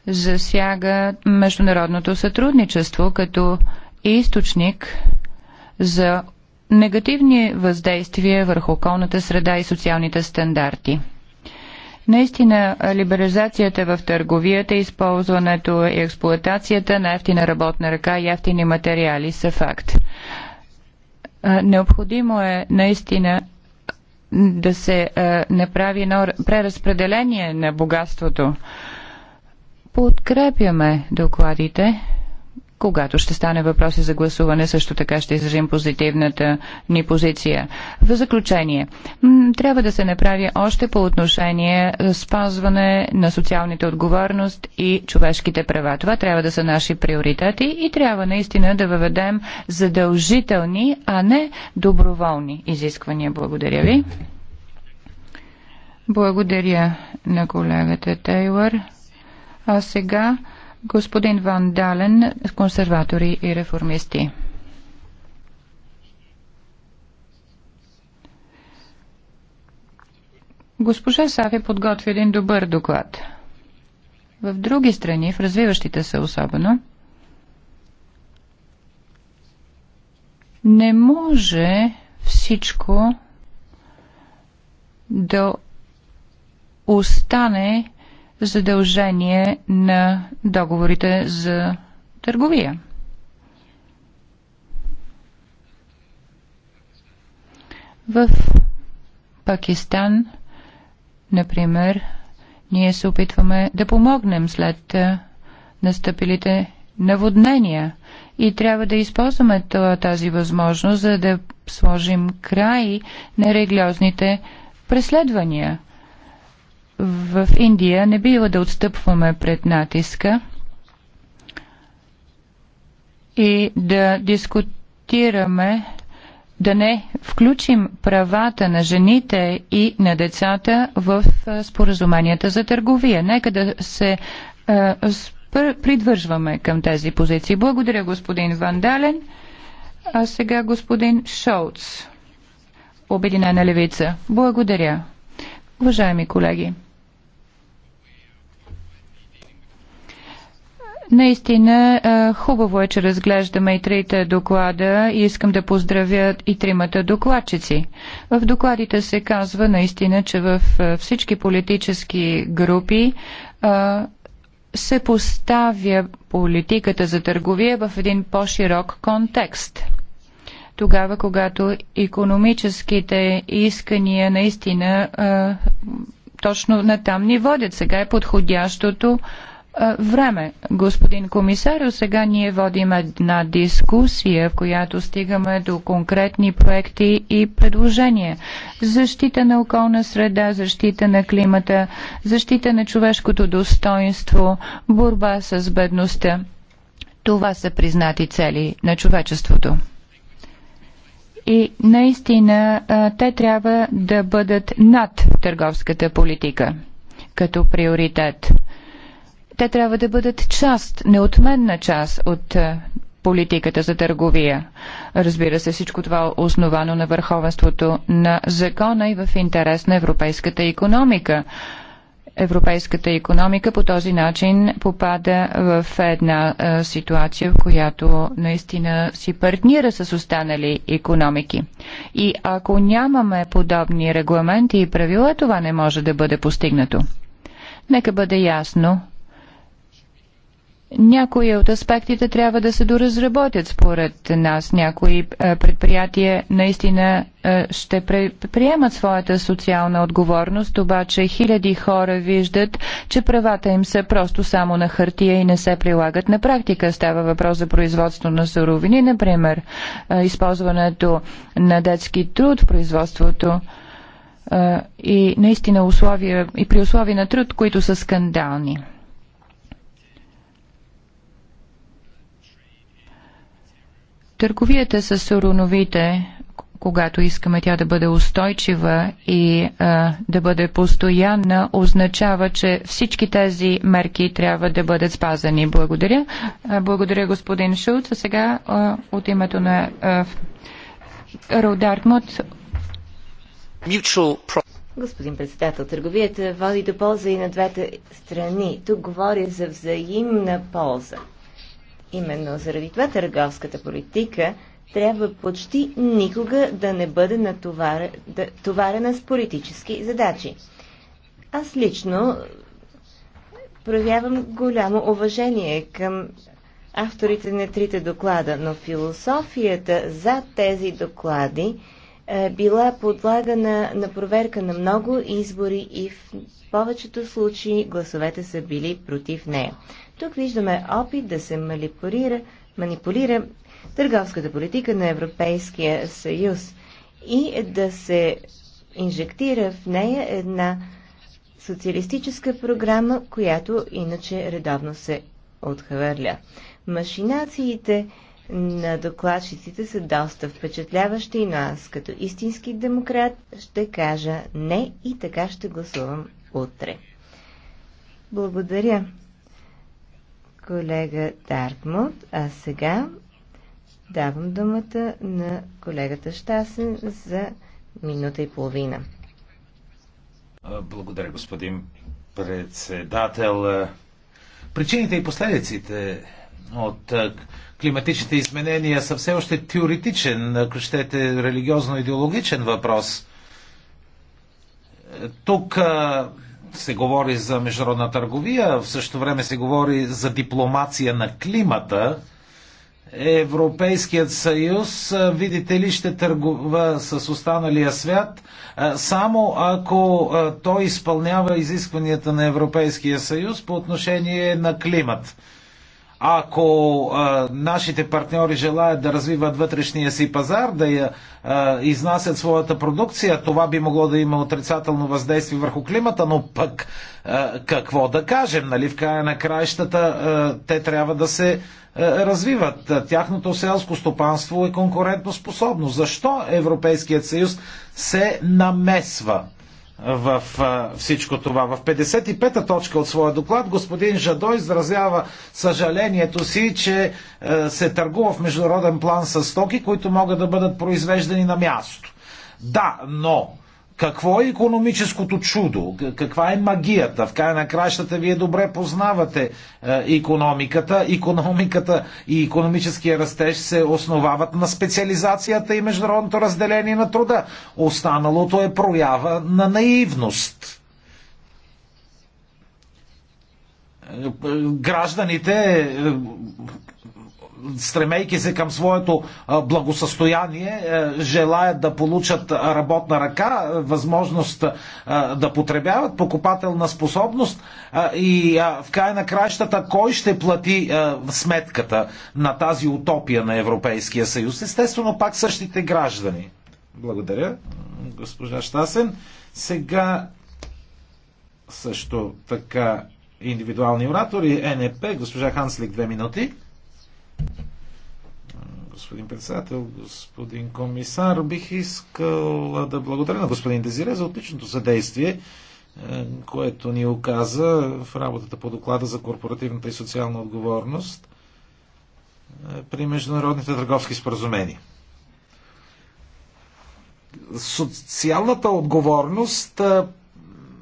засяга международното сътрудничество като източник за негативни въздействия върху околната среда и социалните стандарти. Наистина, либерализацията в търговията, използването и експлуатацията на ефтина работна ръка и ефтини материали са факт. Необходимо е наистина да се направи едно преразпределение на богатството. Подкрепяме докладите когато ще стане въпроси за гласуване, също така ще изразим позитивната ни позиция. В заключение, трябва да се направи още по отношение е, спазване на социалните отговорност и човешките права. Това трябва да са наши приоритети и трябва наистина да въведем задължителни, а не доброволни изисквания. Благодаря ви. Благодаря на колегата Тейлър. А сега Господин Ван Дален, консерватори и реформисти. Госпожа Сафи подготви един добър доклад. В други страни, в развиващите се особено, не може всичко да остане задължение на договорите за търговия. В Пакистан, например, ние се опитваме да помогнем след настъпилите наводнения и трябва да използваме тази възможност, за да сложим край на религиозните преследвания – в Индия не бива да отстъпваме пред натиска и да дискутираме да не включим правата на жените и на децата в споразуменията за търговия. Нека да се е, придвържваме към тези позиции. Благодаря, господин Вандален. А сега господин Шоуц, Обединена левица. Благодаря. Уважаеми колеги, Наистина хубаво е, че разглеждаме и трите доклада и искам да поздравя и тримата докладчици. В докладите се казва наистина, че в всички политически групи се поставя политиката за търговия в един по-широк контекст тогава, когато економическите искания наистина точно точно натам ни водят. Сега е подходящото време, господин комисар, Сега ние водим една дискусия, в която стигаме до конкретни проекти и предложения. Защита на околна среда, защита на климата, защита на човешкото достоинство, борба с бедността. Това са признати цели на човечеството и наистина те трябва да бъдат над търговската политика като приоритет. Те трябва да бъдат част, неотменна част от е, политиката за търговия. Разбира се, всичко това е основано на върховенството на закона и в интерес на европейската економика. Европейската економика по този начин попада в една е, ситуация, в която наистина си партнира с останали економики. И ако нямаме подобни регламенти и правила, това не може да бъде постигнато. Нека бъде ясно, някои от аспектите трябва да се доразработят според нас. Някои е, предприятия наистина е, ще приемат своята социална отговорност, обаче хиляди хора виждат, че правата им са просто само на хартия и не се прилагат на практика. Става въпрос за производство на суровини, например, е, използването на детски труд в производството и наистина условия и при условия на труд, които са скандални. Търговията с суроновите, когато искаме тя да бъде устойчива и а, да бъде постоянна, означава, че всички тези мерки трябва да бъдат спазани. Благодаря. А, благодаря, господин Шулц. А сега а, от името на Роу Господин председател, търговията води до полза и на двете страни. Тук говоря за взаимна полза. Именно заради това търговската политика трябва почти никога да не бъде натоварена да, товарена с политически задачи. Аз лично проявявам голямо уважение към авторите на трите доклада, но философията за тези доклади е била подлагана на проверка на много избори и в повечето случаи гласовете са били против нея. Тук виждаме опит да се манипулира, манипулира търговската политика на Европейския съюз и да се инжектира в нея една социалистическа програма, която иначе редовно се отхвърля. Машинациите на докладчиците са доста впечатляващи, но аз като истински демократ ще кажа не и така ще гласувам утре. Благодаря колега Дартмут, а сега давам думата на колегата Штасен за минута и половина. Благодаря, господин председател. Причините и последиците от климатичните изменения са все още теоретичен, ако щете, религиозно-идеологичен въпрос. Тук се говори за международна търговия, в същото време се говори за дипломация на климата. Европейският съюз, видите ли, ще търгува с останалия свят, само ако той изпълнява изискванията на Европейския съюз по отношение на климат ако а, нашите партньори желаят да развиват вътрешния си пазар, да я а, изнасят своята продукция, това би могло да има отрицателно въздействие върху климата, но пък а, какво да кажем, нали, в края на краищата а, те трябва да се а, развиват. Тяхното селско стопанство е конкурентно способно. Защо Европейският съюз се намесва? в всичко това. В 55-та точка от своя доклад господин Жадо изразява съжалението си, че се търгува в международен план с стоки, които могат да бъдат произвеждани на място. Да, но какво е економическото чудо? Каква е магията? В края на кращата вие добре познавате економиката. Економиката и економическия растеж се основават на специализацията и международното разделение на труда. Останалото е проява на наивност. Е, е, гражданите е, стремейки се към своето благосъстояние, е, желаят да получат работна ръка, възможност да потребяват, покупателна способност и в край на кращата, кой ще плати сметката на тази утопия на Европейския съюз? Естествено, пак същите граждани. Благодаря, госпожа Штасен. Сега също така индивидуални оратори, е НЕП, госпожа Ханслик, две минути господин председател, господин комисар. Бих искал да благодаря на господин Дезире за отличното съдействие, е, което ни оказа в работата по доклада за корпоративната и социална отговорност е, при международните търговски споразумения. Социалната отговорност е,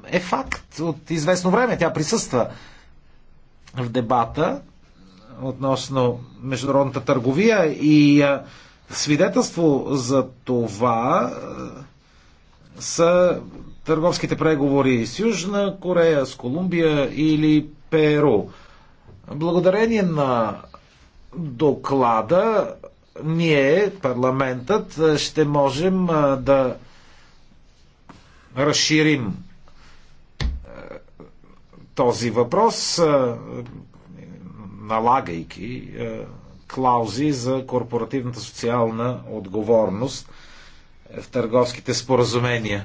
е факт от известно време. Тя присъства в дебата относно международната търговия и свидетелство за това са търговските преговори с Южна Корея, с Колумбия или Перу. Благодарение на доклада ние, парламентът, ще можем да разширим този въпрос налагайки е, клаузи за корпоративната социална отговорност е, в търговските споразумения.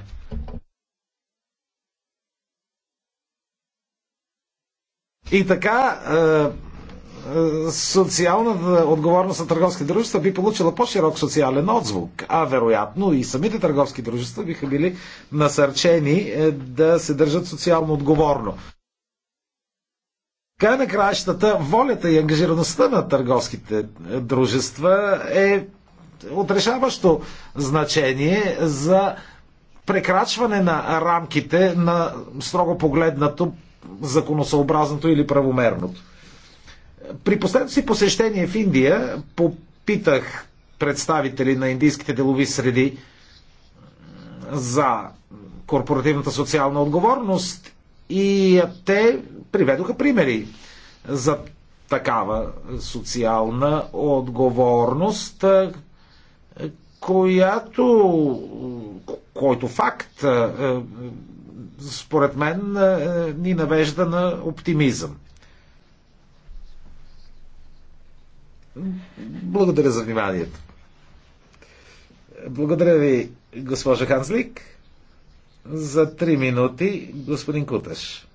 И така, е, социалната отговорност на търговски дружества би получила по-широк социален отзвук, а вероятно и самите търговски дружества биха били насърчени да се държат социално отговорно. Край на краищата, волята и ангажираността на търговските е, дружества е отрешаващо значение за прекрачване на рамките на строго погледнато законосъобразното или правомерното. При последното си посещение в Индия попитах представители на индийските делови среди за корпоративната социална отговорност и те приведоха примери за такава социална отговорност, която, който факт, според мен, ни навежда на оптимизъм. Благодаря за вниманието. Благодаря ви, госпожа Ханслик. За три минути, господин Куташ.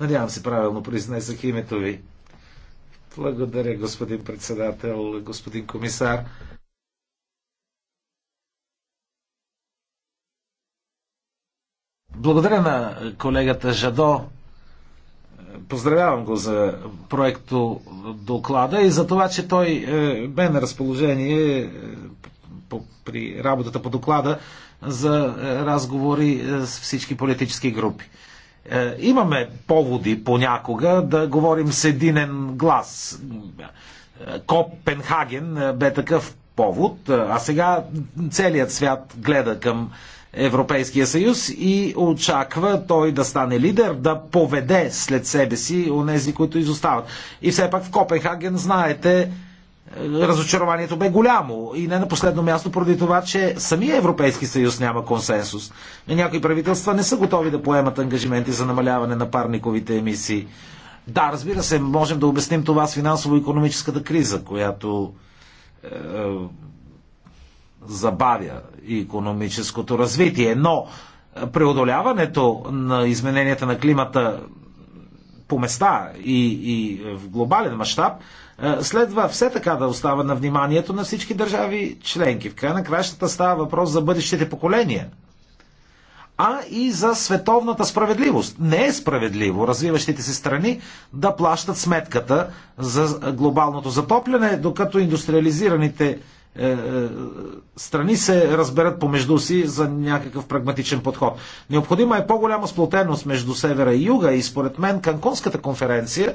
Надявам се правилно произнесах името ви. Благодаря, господин председател, господин комисар. Благодаря на колегата Жадо. Поздравявам го за проекто доклада и за това, че той е, бе на разположение е, при работата по доклада за е, разговори с всички политически групи. Е, имаме поводи понякога да говорим с единен глас. Копенхаген е, бе такъв повод, е, а сега целият свят гледа към Европейския съюз и очаква той да стане лидер, да поведе след себе си онези, които изостават. И все пак в Копенхаген, знаете, разочарованието бе голямо. И не на последно място поради това, че самия Европейски съюз няма консенсус. Някои правителства не са готови да поемат ангажименти за намаляване на парниковите емисии. Да, разбира се, можем да обясним това с финансово-економическата криза, която е, забавя економическото развитие. Но преодоляването на измененията на климата по места и, и в глобален мащаб е, следва все така да остава на вниманието на всички държави членки. В край на кращата става въпрос за бъдещите поколения, а и за световната справедливост. Не е справедливо развиващите се страни да плащат сметката за глобалното затопляне, докато индустриализираните е, е, страни се разберат помежду си за някакъв прагматичен подход. Необходима е по-голяма сплотеност между севера и юга и според мен Канконската конференция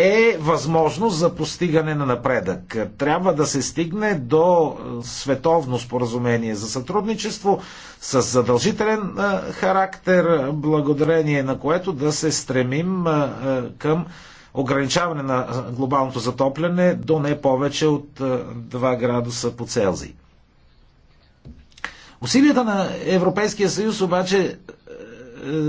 е възможност за постигане на напредък. Трябва да се стигне до е, световно споразумение за сътрудничество с задължителен е, характер, благодарение на което да се стремим е, към ограничаване на глобалното затопляне до не повече от 2 градуса по Целзий. Усилията на Европейския съюз обаче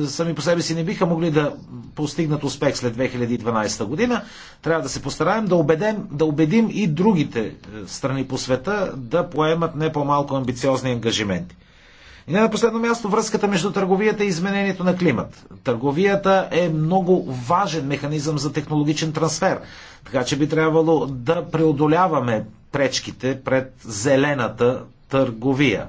сами по себе си не биха могли да постигнат успех след 2012 година, трябва да се постараем да, убедем, да убедим и другите е, страни по света да поемат не по-малко амбициозни ангажименти. И не на последно място връзката между търговията и изменението на климат. Търговията е много важен механизъм за технологичен трансфер, така че би трябвало да преодоляваме пречките пред зелената търговия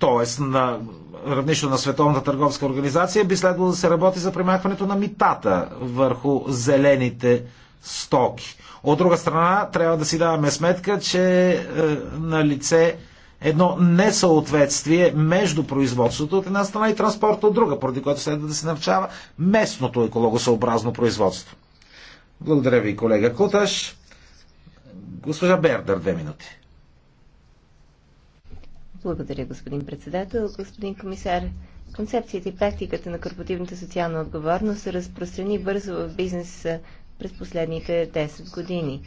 т.е. на равнището на Световната търговска организация, би следвало да се работи за премахването на митата върху зелените стоки. От друга страна, трябва да си даваме сметка, че е, на лице едно несъответствие между производството от една страна и транспорта от друга, поради което следва да се навчава местното екологосъобразно производство. Благодаря ви, колега Куташ. Госпожа Бердер, две минути. Благодаря, господин председател. Господин комисар, концепцията и практиката на корпоративната социална отговорност се разпространи бързо в бизнеса през последните 10 години.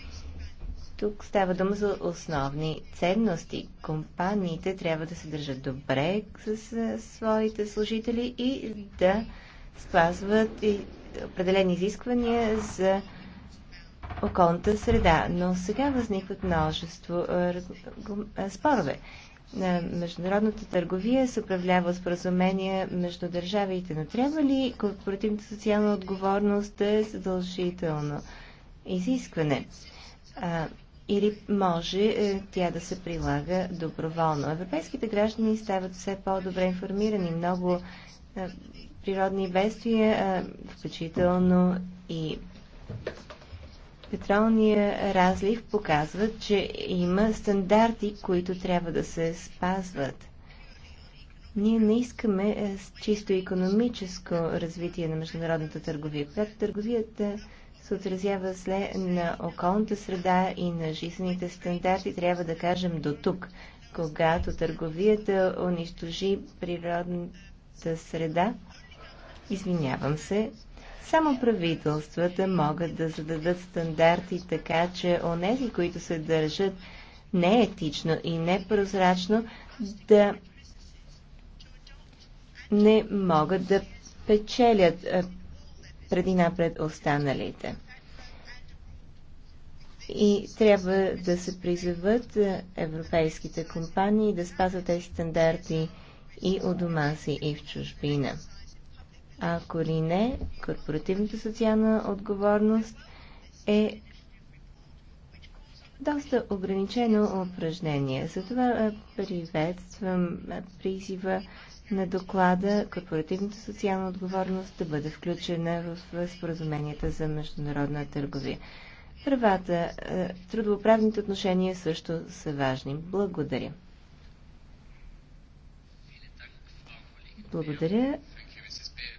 Тук става дума за основни ценности. Компаниите трябва да се държат добре с своите служители и да спазват и определени изисквания за околната среда. Но сега възникват множество е, е, спорове на международната търговия се управлява споразумения между държавите, но трябва ли корпоративната социална отговорност да е задължително изискване? А, или може е, тя да се прилага доброволно? Европейските граждани стават все по-добре информирани. Много е, природни бедствия, е, включително и петролния разлив показват, че има стандарти, които трябва да се спазват. Ние не искаме е, чисто економическо развитие на международната търговия. Когато търговията е, се отразява зле на околната среда и на жизнените стандарти, трябва да кажем до тук. Когато търговията унищожи природната среда, извинявам се, само правителствата могат да зададат стандарти така, че онези, които се държат неетично и непрозрачно, да не могат да печелят преди напред останалите. И трябва да се призоват европейските компании да спазват тези стандарти и у дома си, и в чужбина. Ако ли не, корпоративната социална отговорност е доста ограничено упражнение. Затова приветствам призива на доклада корпоративната социална отговорност да бъде включена в споразуменията за международна търговия. Правата, трудовоправните отношения също са важни. Благодаря. Благодаря.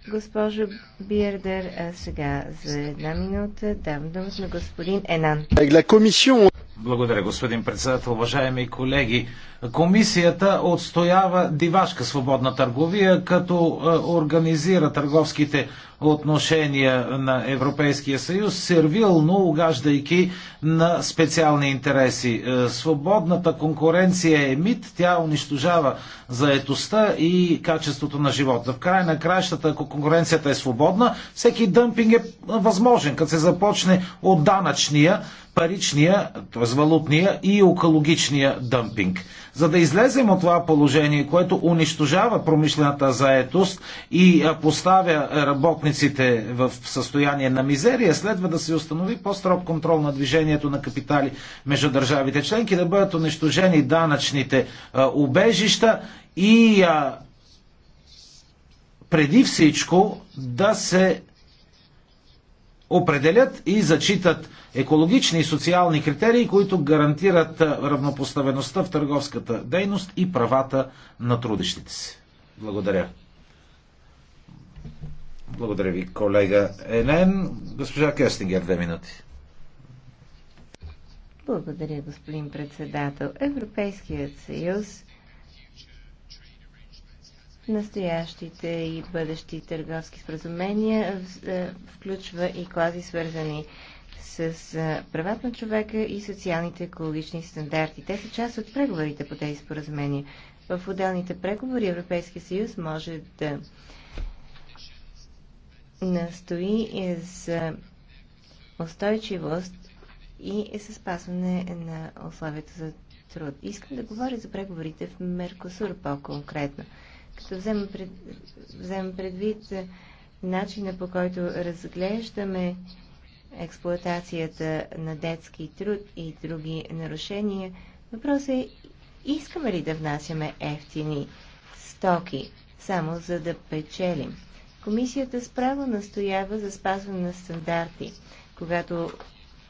Госпожо Бирдер, а сега за една минута дам думата на господин Енан. Благодаря, господин председател. Уважаеми колеги, Комисията отстоява дивашка свободна търговия, като е, организира търговските отношения на Европейския съюз, сервилно угаждайки на специални интереси. Е, свободната конкуренция е мит, тя унищожава заетостта и качеството на живота. В край на краищата, ако конкуренцията е свободна, всеки дъмпинг е възможен, като се започне от данъчния, паричния, т.е. валутния и екологичния дъмпинг. За да излезем от това положение, което унищожава промишлената заетост и поставя работниците в състояние на мизерия, следва да се установи по-строг контрол на движението на капитали между държавите членки, да бъдат унищожени данъчните убежища и преди всичко да се определят и зачитат екологични и социални критерии, които гарантират равнопоставеността в търговската дейност и правата на трудещите си. Благодаря. Благодаря ви, колега Елен. Госпожа Кестингер, две минути. Благодаря, господин председател. Европейският съюз Настоящите и бъдещи търговски споразумения е, включва и клази свързани с е, правата на човека и социалните екологични стандарти. Те са част от преговорите по тези споразумения. В отделните преговори Европейския съюз може да настои е, за устойчивост и със спазване на условията за труд. Искам да говоря за преговорите в Меркосур по-конкретно като взема, пред, взема предвид начина по който разглеждаме експлоатацията на детски труд и други нарушения, въпросът е искаме ли да внасяме ефтини стоки, само за да печелим. Комисията справо настоява за спазване на стандарти, когато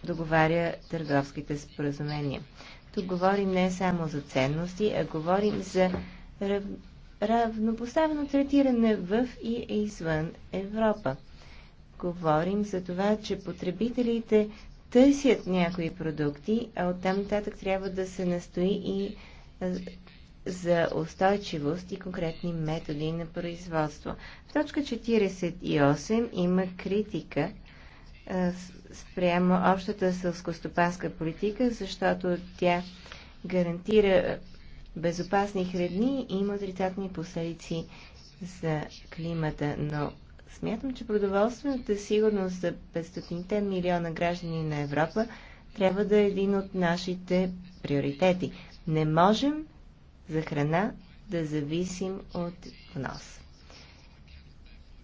договаря търговските споразумения. Тук говорим не само за ценности, а говорим за равнопоставено третиране в и извън Европа. Говорим за това, че потребителите търсят някои продукти, а оттам нататък трябва да се настои и за устойчивост и конкретни методи на производство. В точка 48 има критика спрямо общата сълскостопанска политика, защото тя гарантира безопасни храни има отрицателни последици за климата, но смятам, че продоволствената сигурност за 500 милиона граждани на Европа трябва да е един от нашите приоритети. Не можем за храна да зависим от внос.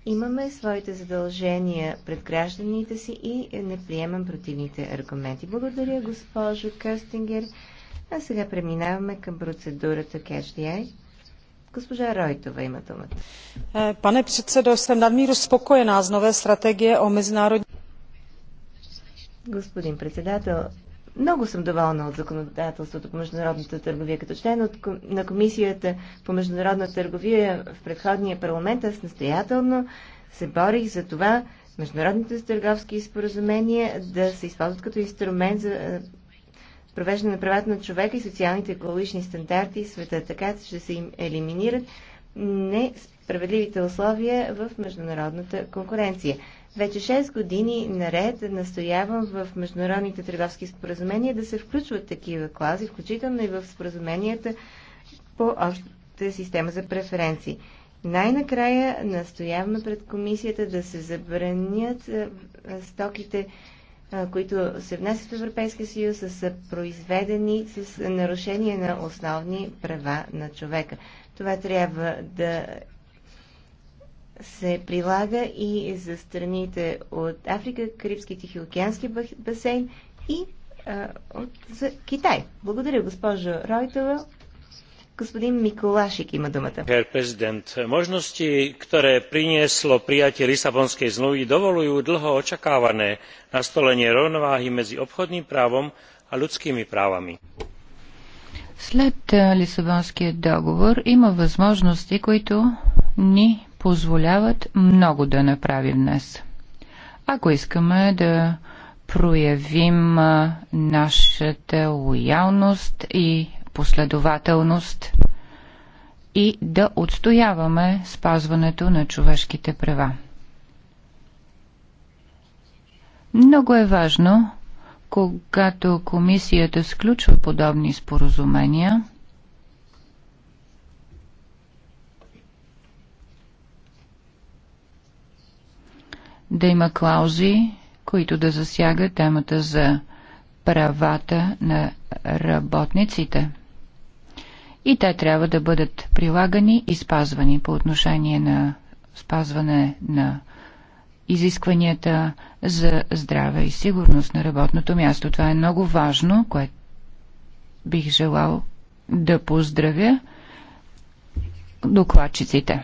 Имаме своите задължения пред гражданите си и не приемам противните аргументи. Благодаря, госпожо Кърстингер. А сега преминаваме към процедурата Cash DI. Госпожа Ройтова има думата. Е, пане председо, съм надмиро спокоена с нове стратегия о международни... Господин председател, много съм доволна от законодателството по международната търговия. Като член от, на Комисията по международна търговия в предходния парламент, аз настоятелно се борих за това международните търговски споразумения да се използват като инструмент за е, провеждане на правата на човека и социалните екологични стандарти в света, така че ще се им елиминират несправедливите условия в международната конкуренция. Вече 6 години наред настоявам в международните търговски споразумения да се включват такива клази, включително и в споразуменията по общата система за преференции. Най-накрая настояваме пред комисията да се забранят стоките, които се внасят в Европейския съюз, са произведени с нарушение на основни права на човека. Това трябва да се прилага и за страните от Африка, Карибски Тихиокеански басейн и а, от, за Китай. Благодаря, госпожо Ройтова. Možnosti, ktoré prinieslo prijatie Lisabonskej zmluvy, dovoľujú dlho očakávané nastolenie rovnováhy medzi obchodným právom a ľudskými právami. След Лисабонския договор има възможности, които ни позволяват много да направим днес. Ако искаме да проявим нашата лоялност и последователност и да отстояваме спазването на човешките права. Много е важно, когато комисията сключва подобни споразумения, да има клаузи, които да засягат темата за правата на работниците и те трябва да бъдат прилагани и спазвани по отношение на спазване на изискванията за здраве и сигурност на работното място. Това е много важно, което бих желал да поздравя докладчиците.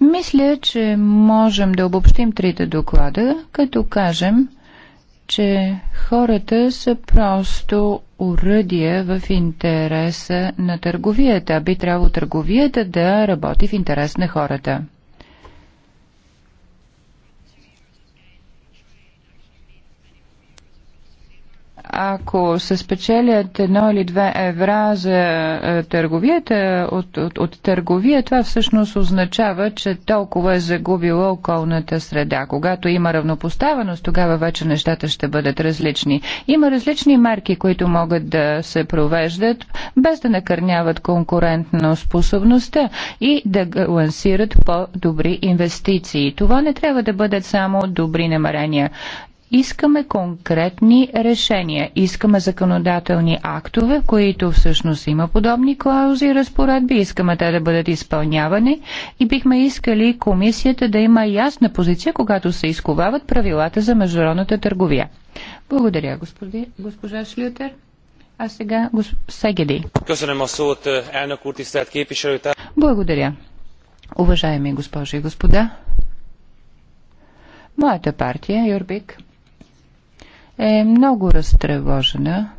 Мисля, че можем да обобщим трите доклада, като кажем, че хората са просто уръдия в интереса на търговията. Би трябвало търговията да работи в интерес на хората. ако се спечелят едно или две евра за е, търговията, от, от, от търговия, това всъщност означава, че толкова е загубила околната среда. Когато има равнопоставеност, тогава вече нещата ще бъдат различни. Има различни марки, които могат да се провеждат, без да накърняват конкурентно способността и да лансират по-добри инвестиции. Това не трябва да бъдат само добри намерения. Искаме конкретни решения. Искаме законодателни актове, които всъщност има подобни клаузи и разпоредби. Искаме те да бъдат изпълнявани и бихме искали комисията да има ясна позиция, когато се изковават правилата за международната търговия. Благодаря, господи, госпожа Шлютер. А сега госп... Сегеди. Благодаря. Уважаеми госпожи и господа, моята партия, Юрбик, е много разтревожена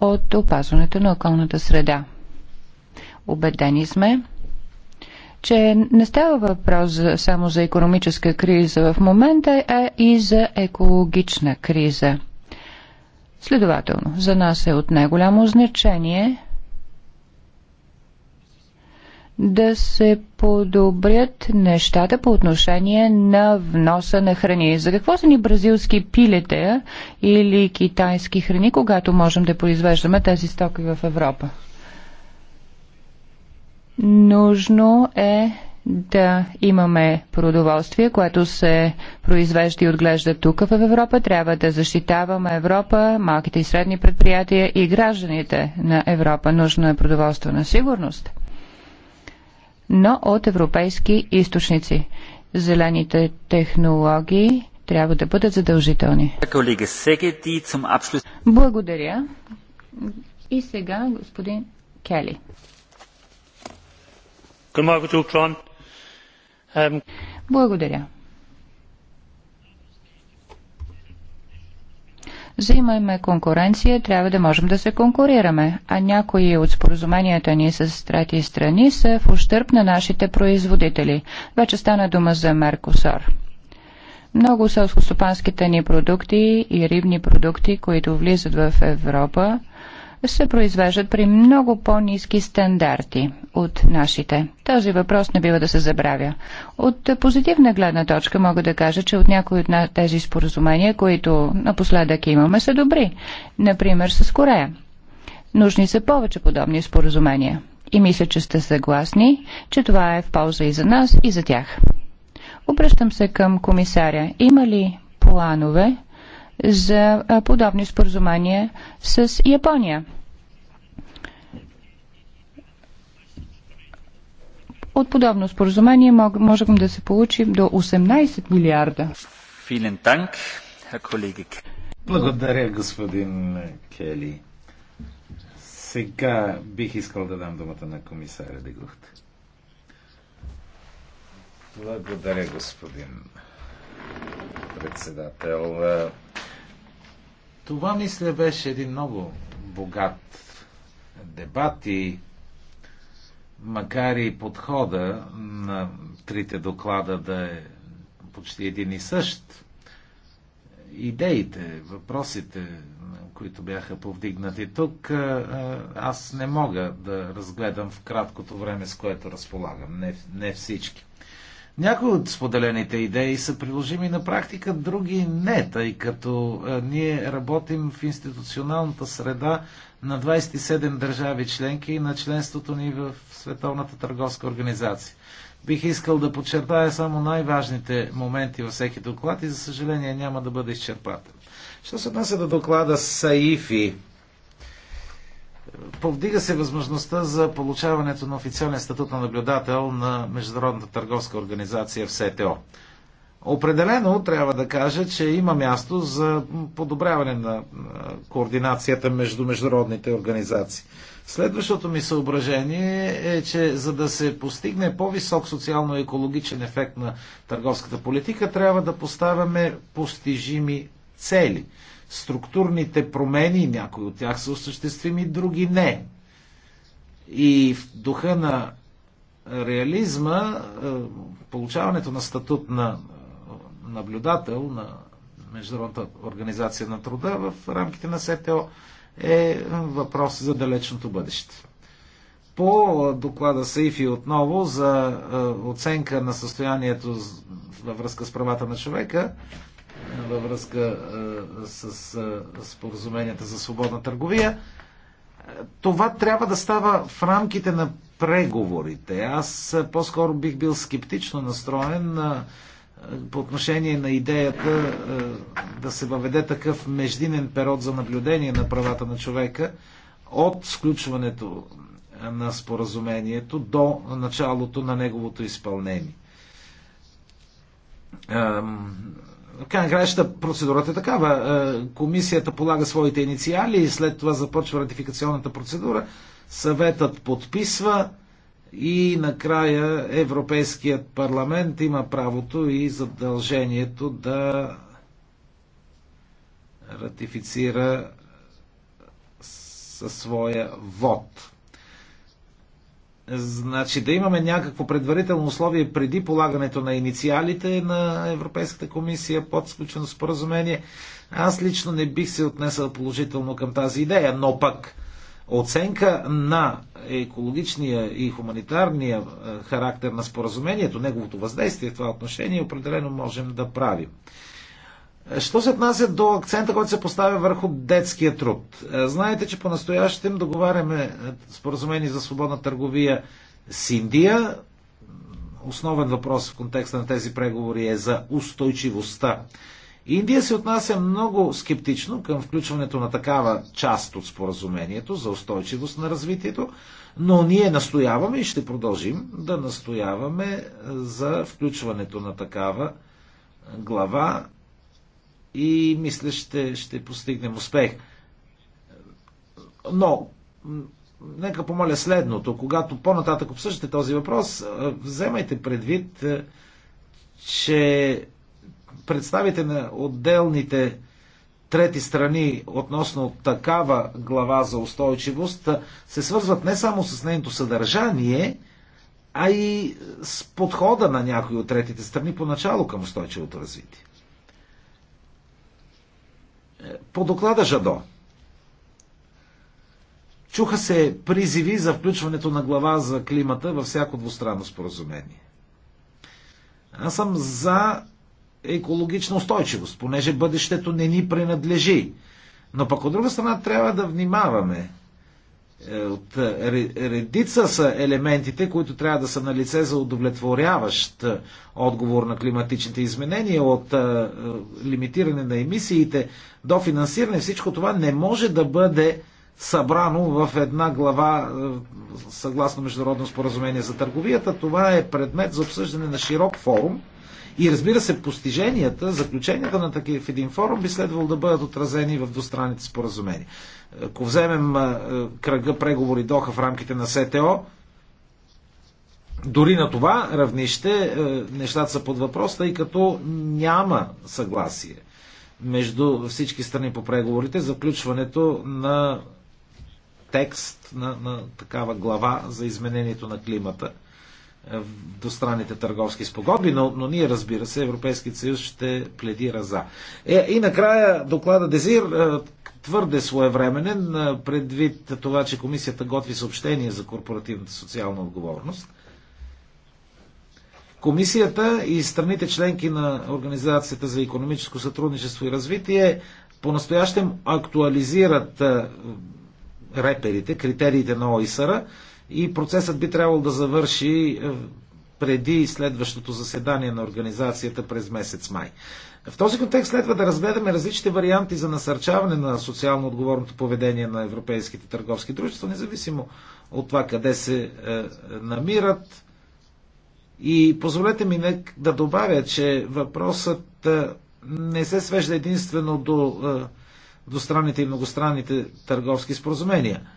от опазването на околната среда. Обедени сме, че не става въпрос само за економическа криза в момента, а и за екологична криза. Следователно, за нас е от най-голямо значение да се подобрят нещата по отношение на вноса на храни. За какво са ни бразилски пилете или китайски храни, когато можем да произвеждаме тези стоки в Европа? Нужно е да имаме продоволствие, което се произвежда и отглежда тук в Европа. Трябва да защитаваме Европа, малките и средни предприятия и гражданите на Европа. Нужно е продоволство на сигурност но от европейски източници. Зелените технологии трябва да бъдат задължителни. Благодаря. И сега господин Кели. Um, Благодаря. Взимаме конкуренция, трябва да можем да се конкурираме, а някои от споразуменията ни с трети страни са в ущърп на нашите производители. Вече стана дума за Меркосор. Много селскостопанските ни продукти и рибни продукти, които влизат в Европа, се произвеждат при много по-низки стандарти от нашите. Този въпрос не бива да се забравя. От позитивна гледна точка мога да кажа, че от някои от тези споразумения, които напоследък имаме, са добри. Например, с Корея. Нужни са повече подобни споразумения. И мисля, че сте съгласни, че това е в полза и за нас, и за тях. Обръщам се към комисаря. Има ли планове за подобни споразумения с Япония? От подобно споразумение можем да се получим до 18 милиарда. Благодаря, господин Кели. Сега бих искал да дам думата на комисаря Дегухт. Благодаря, господин председател. Това, мисля, беше един много богат дебат и макар и подхода на трите доклада да е почти един и същ, идеите, въпросите, които бяха повдигнати тук, аз не мога да разгледам в краткото време, с което разполагам. Не, не всички. Някои от споделените идеи са приложими на практика, други не, тъй като ние работим в институционалната среда на 27 държави членки и на членството ни в Световната търговска организация. Бих искал да подчертая само най-важните моменти във всеки доклад и за съжаление няма да бъде изчерпателен. Що се отнася до доклада САИФИ, повдига се възможността за получаването на официален статут на наблюдател на Международната търговска организация в СТО. Определено трябва да кажа, че има място за подобряване на координацията между международните организации. Следващото ми съображение е, че за да се постигне по-висок социално-екологичен ефект на търговската политика, трябва да поставяме постижими цели. Структурните промени, някои от тях са осъществими, други не. И в духа на реализма, получаването на статут на наблюдател на Международната организация на труда в рамките на СТО е въпрос за далечното бъдеще. По доклада САИФИ отново за е, оценка на състоянието във връзка с правата на човека, във връзка е, е, с споразуменията за свободна търговия, това трябва да става в рамките на преговорите. Аз по-скоро бих бил скептично настроен на по отношение на идеята е, да се въведе такъв междинен период за наблюдение на правата на човека от сключването на споразумението до началото на неговото изпълнение. Крайна краща процедурата е такава. Е, комисията полага своите инициали и след това започва ратификационната процедура. Съветът подписва, и накрая Европейският парламент има правото и задължението да ратифицира със своя вод. Значи да имаме някакво предварително условие преди полагането на инициалите на Европейската комисия под сключено споразумение. Аз лично не бих се отнесъл положително към тази идея, но пък оценка на екологичния и хуманитарния е, характер на споразумението, неговото въздействие в това отношение, определено можем да правим. Що се отнася до акцента, който се поставя върху детския труд? Е, знаете, че по-настоящем договаряме е, споразумение за свободна търговия с Индия. Основен въпрос в контекста на тези преговори е за устойчивостта Индия се отнася много скептично към включването на такава част от споразумението за устойчивост на развитието, но ние настояваме и ще продължим да настояваме е, за включването на такава е, глава и мисля ще, ще постигнем успех. Но, нека помоля следното. Когато по-нататък обсъждате този въпрос, е, вземайте предвид, че представите на отделните трети страни относно такава глава за устойчивост се свързват не само с нейното съдържание, а и с подхода на някои от третите страни поначало към устойчивото развитие. Е, по доклада Жадо. Чуха се призиви за включването на глава за климата във всяко двустранно споразумение. Аз съм за екологична устойчивост, понеже бъдещето не ни принадлежи. Но пък от друга страна трябва да внимаваме. Е, от е, редица са елементите, които трябва да са на лице за удовлетворяващ е, отговор на климатичните изменения, от лимитиране на емисиите до финансиране. Всичко това не може да бъде събрано в една глава съгласно Международно споразумение за търговията. Това е предмет за обсъждане на широк форум – и разбира се, постиженията, заключенията на такива в един форум би следвало да бъдат отразени в двустранните споразумения. Ако вземем кръга преговори Доха в рамките на СТО, дори на това равнище нещата са под въпрос, тъй като няма съгласие между всички страни по преговорите за включването на текст на, на такава глава за изменението на климата двустранните търговски спогодби, но, но ние, разбира се, Европейският съюз ще пледира за. Е, и накрая доклада Дезир е, твърде своевременен, е, предвид това, че комисията готви съобщение за корпоративната социална отговорност. Комисията и страните членки на Организацията за економическо сътрудничество и развитие по-настоящем актуализират е, реперите, критериите на ОИСАРА, и процесът би трябвало да завърши е, преди следващото заседание на организацията през месец май. В този контекст следва да разгледаме различните варианти за насърчаване на социално отговорното поведение на европейските търговски дружества, независимо от това къде се е, намират. И позволете ми да добавя, че въпросът е, не се свежда единствено до е, двустранните и многостранните търговски споразумения –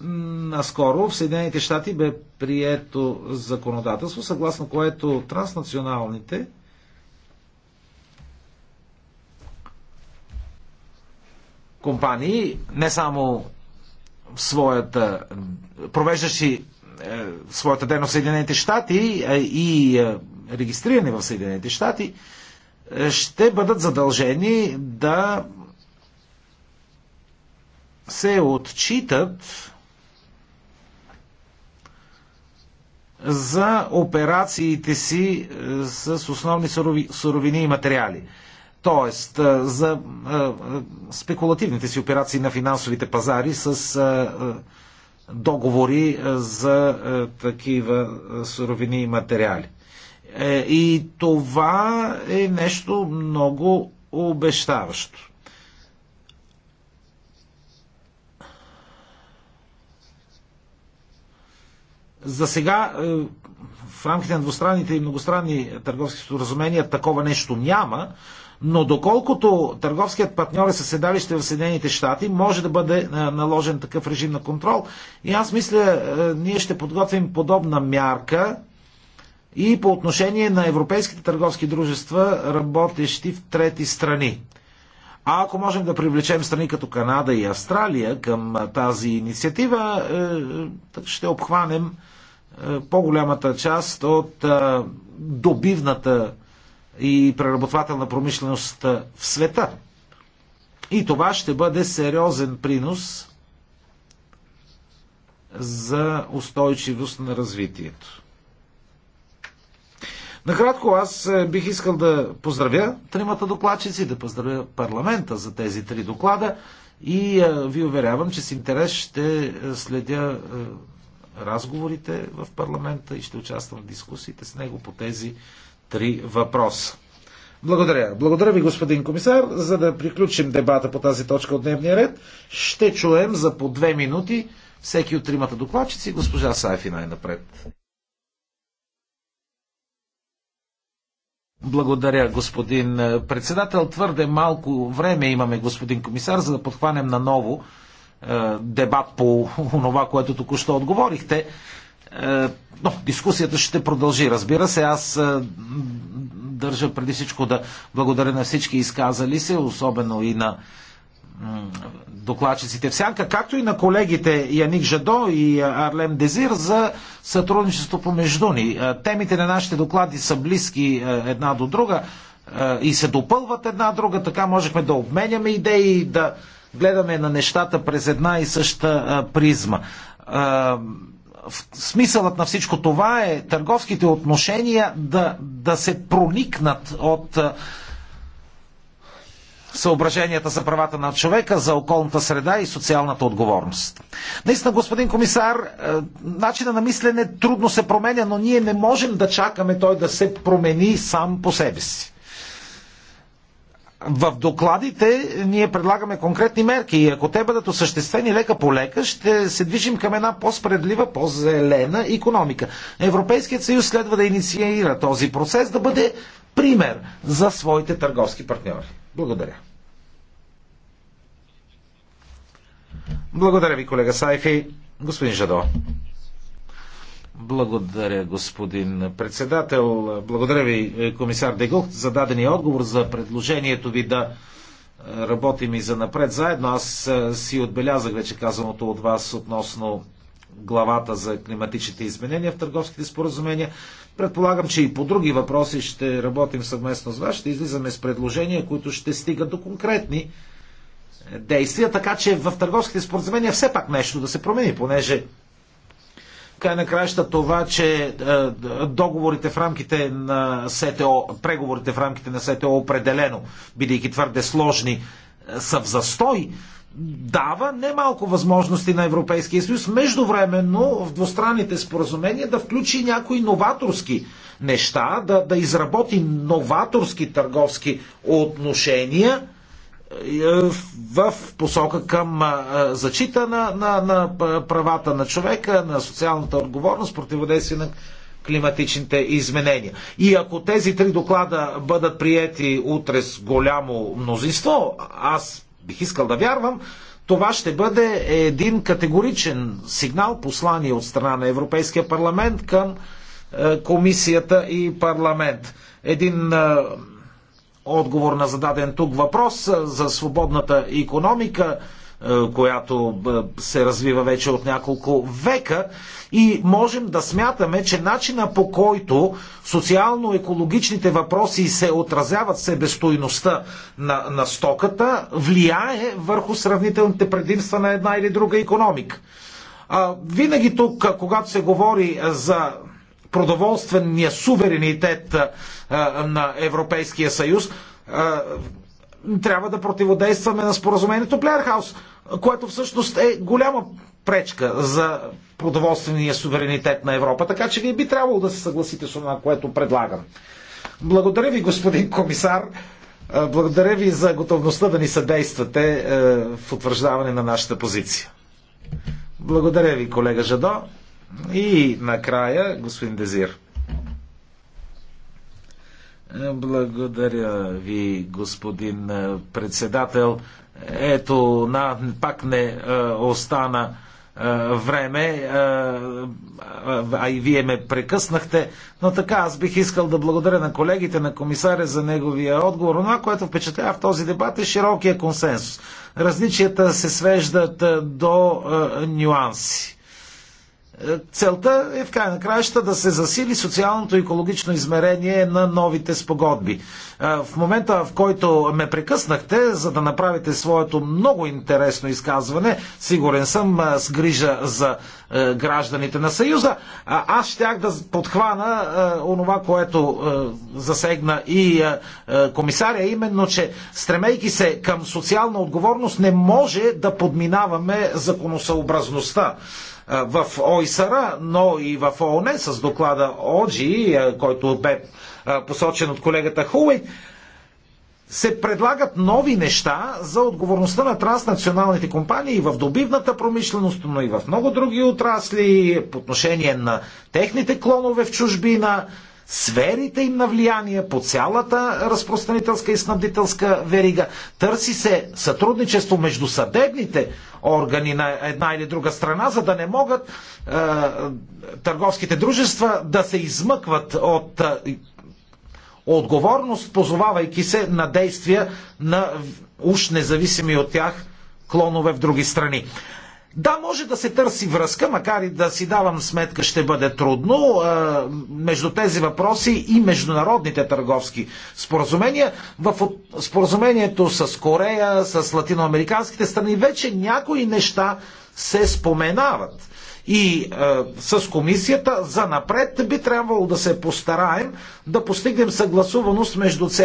Наскоро в Съединените щати бе прието законодателство, съгласно което транснационалните компании, не само в своята, провеждащи е, своята дейност в Съединените щати е, и е, регистрирани в Съединените щати, е, ще бъдат задължени да се отчитат за операциите си е, с основни суровини и материали. Тоест, е, за е, спекулативните си операции на финансовите пазари с договори за такива суровини и материали. И това е нещо много обещаващо. За сега е, в рамките на двустранните и многостранни търговски споразумения такова нещо няма, но доколкото търговският партньор е със седалище в Съединените щати, може да бъде е, наложен такъв режим на контрол. И аз мисля, е, ние ще подготвим подобна мярка и по отношение на европейските търговски дружества, работещи в трети страни. А ако можем да привлечем страни като Канада и Австралия към тази инициатива, ще обхванем е, по-голямата част от е, добивната и преработвателна промишленост е, в света. И това ще бъде сериозен принос за устойчивост на развитието. Накратко аз бих искал да поздравя тримата докладчици, да поздравя парламента за тези три доклада и ви уверявам, че с интерес ще следя разговорите в парламента и ще участвам в дискусиите с него по тези три въпроса. Благодаря. Благодаря ви, господин комисар. За да приключим дебата по тази точка от дневния ред, ще чуем за по две минути всеки от тримата докладчици, госпожа Сайфи най-напред. Благодаря, господин председател. Твърде малко време имаме, господин комисар, за да подхванем наново е, дебат по това, което току-що отговорихте. Е, но дискусията ще продължи. Разбира се, аз е, държа преди всичко да благодаря на всички изказали се, особено и на докладчиците в Сянка, както и на колегите Яник Жадо и Арлем Дезир за сътрудничество помежду ни. Темите на нашите доклади са близки една до друга и се допълват една друга, така можехме да обменяме идеи, да, гледаме на нещата през една и съща призма. Смисълът на всичко това е търговските отношения да, да се проникнат от съображенията за правата на човека, за околната среда и социалната отговорност. Наистина, господин комисар, начина на мислене трудно се променя, но ние не можем да чакаме той да се промени сам по себе си в докладите ние предлагаме конкретни мерки и ако те бъдат осъществени лека по лека, ще се движим към една по-справедлива, по-зелена економика. Европейският съюз следва да инициира този процес, да бъде пример за своите търговски партньори. Благодаря. Благодаря ви, колега Сайфи. Господин Жадо. Благодаря, господин председател. Благодаря ви, комисар Дегухт, за дадения отговор, за предложението ви да е, работим и за напред заедно. Аз е, си отбелязах вече казаното от вас относно главата за климатичните изменения в търговските споразумения. Предполагам, че и по други въпроси ще работим съвместно с вас, ще излизаме с предложения, които ще стигат до конкретни е, действия, така че в търговските споразумения все пак нещо да се промени, понеже край на краища това, че е, договорите в рамките на СТО, преговорите в рамките на СТО определено, бидейки твърде сложни, е, са в застой, дава немалко възможности на Европейския съюз междувременно в двустранните споразумения да включи някои новаторски неща, да, да изработи новаторски търговски отношения – е, в посока към зачита на, на, на правата на човека, на социалната отговорност, противодействие на климатичните изменения. И ако тези три доклада бъдат приети утре с голямо мнозинство, аз бих искал да вярвам, това ще бъде един категоричен сигнал, послание от страна на Европейския парламент към е, комисията и парламент. Един е, отговор на зададен тук въпрос за свободната економика, която се развива вече от няколко века и можем да смятаме, че начина по който социално-екологичните въпроси се отразяват себестойността на, на стоката, влияе върху сравнителните предимства на една или друга економика. А, винаги тук, когато се говори за продоволствения суверенитет на Европейския съюз, трябва да противодействаме на споразумението Плеерхаус, което всъщност е голяма пречка за продоволствения суверенитет на Европа. Така че вие би трябвало да се съгласите с това, което предлагам. Благодаря ви, господин комисар. Благодаря ви за готовността да ни съдействате в утвърждаване на нашата позиция. Благодаря ви, колега Жадо. И накрая, господин Дезир. Благодаря ви, господин председател. Ето, на, пак не а, остана а, време, а, а и вие ме прекъснахте, но така аз бих искал да благодаря на колегите, на комисаря за неговия отговор. Но което впечатлява в този дебат е широкия консенсус. Различията се свеждат до а, нюанси е, целта е в край на краища да се засили социалното и екологично измерение на новите спогодби. Е, в момента, в който ме прекъснахте, за да направите своето много интересно изказване, сигурен съм е, с грижа за гражданите на Съюза, аз щях да подхвана онова, което засегна и комисаря, именно, че стремейки се към социална отговорност, не може да подминаваме законосъобразността в ОИСР, но и в ООН с доклада ОДЖИ, който бе посочен от колегата Хуей, се предлагат нови неща за отговорността на транснационалните компании в добивната промишленост, но и в много други отрасли, по отношение на техните клонове в чужбина, сферите им на влияние по цялата разпространителска и снабдителска верига. Търси се сътрудничество между съдебните органи на една или друга страна, за да не могат е, търговските дружества да се измъкват от е, отговорност, позовавайки се на действия на уж независими от тях клонове в други страни. Да, може да се търси връзка, макар и да си давам сметка, ще бъде трудно между тези въпроси и международните търговски споразумения. В споразумението с Корея, с латиноамериканските страни, вече някои неща се споменават. И е, с комисията за напред би трябвало да се постараем да постигнем съгласуваност между цели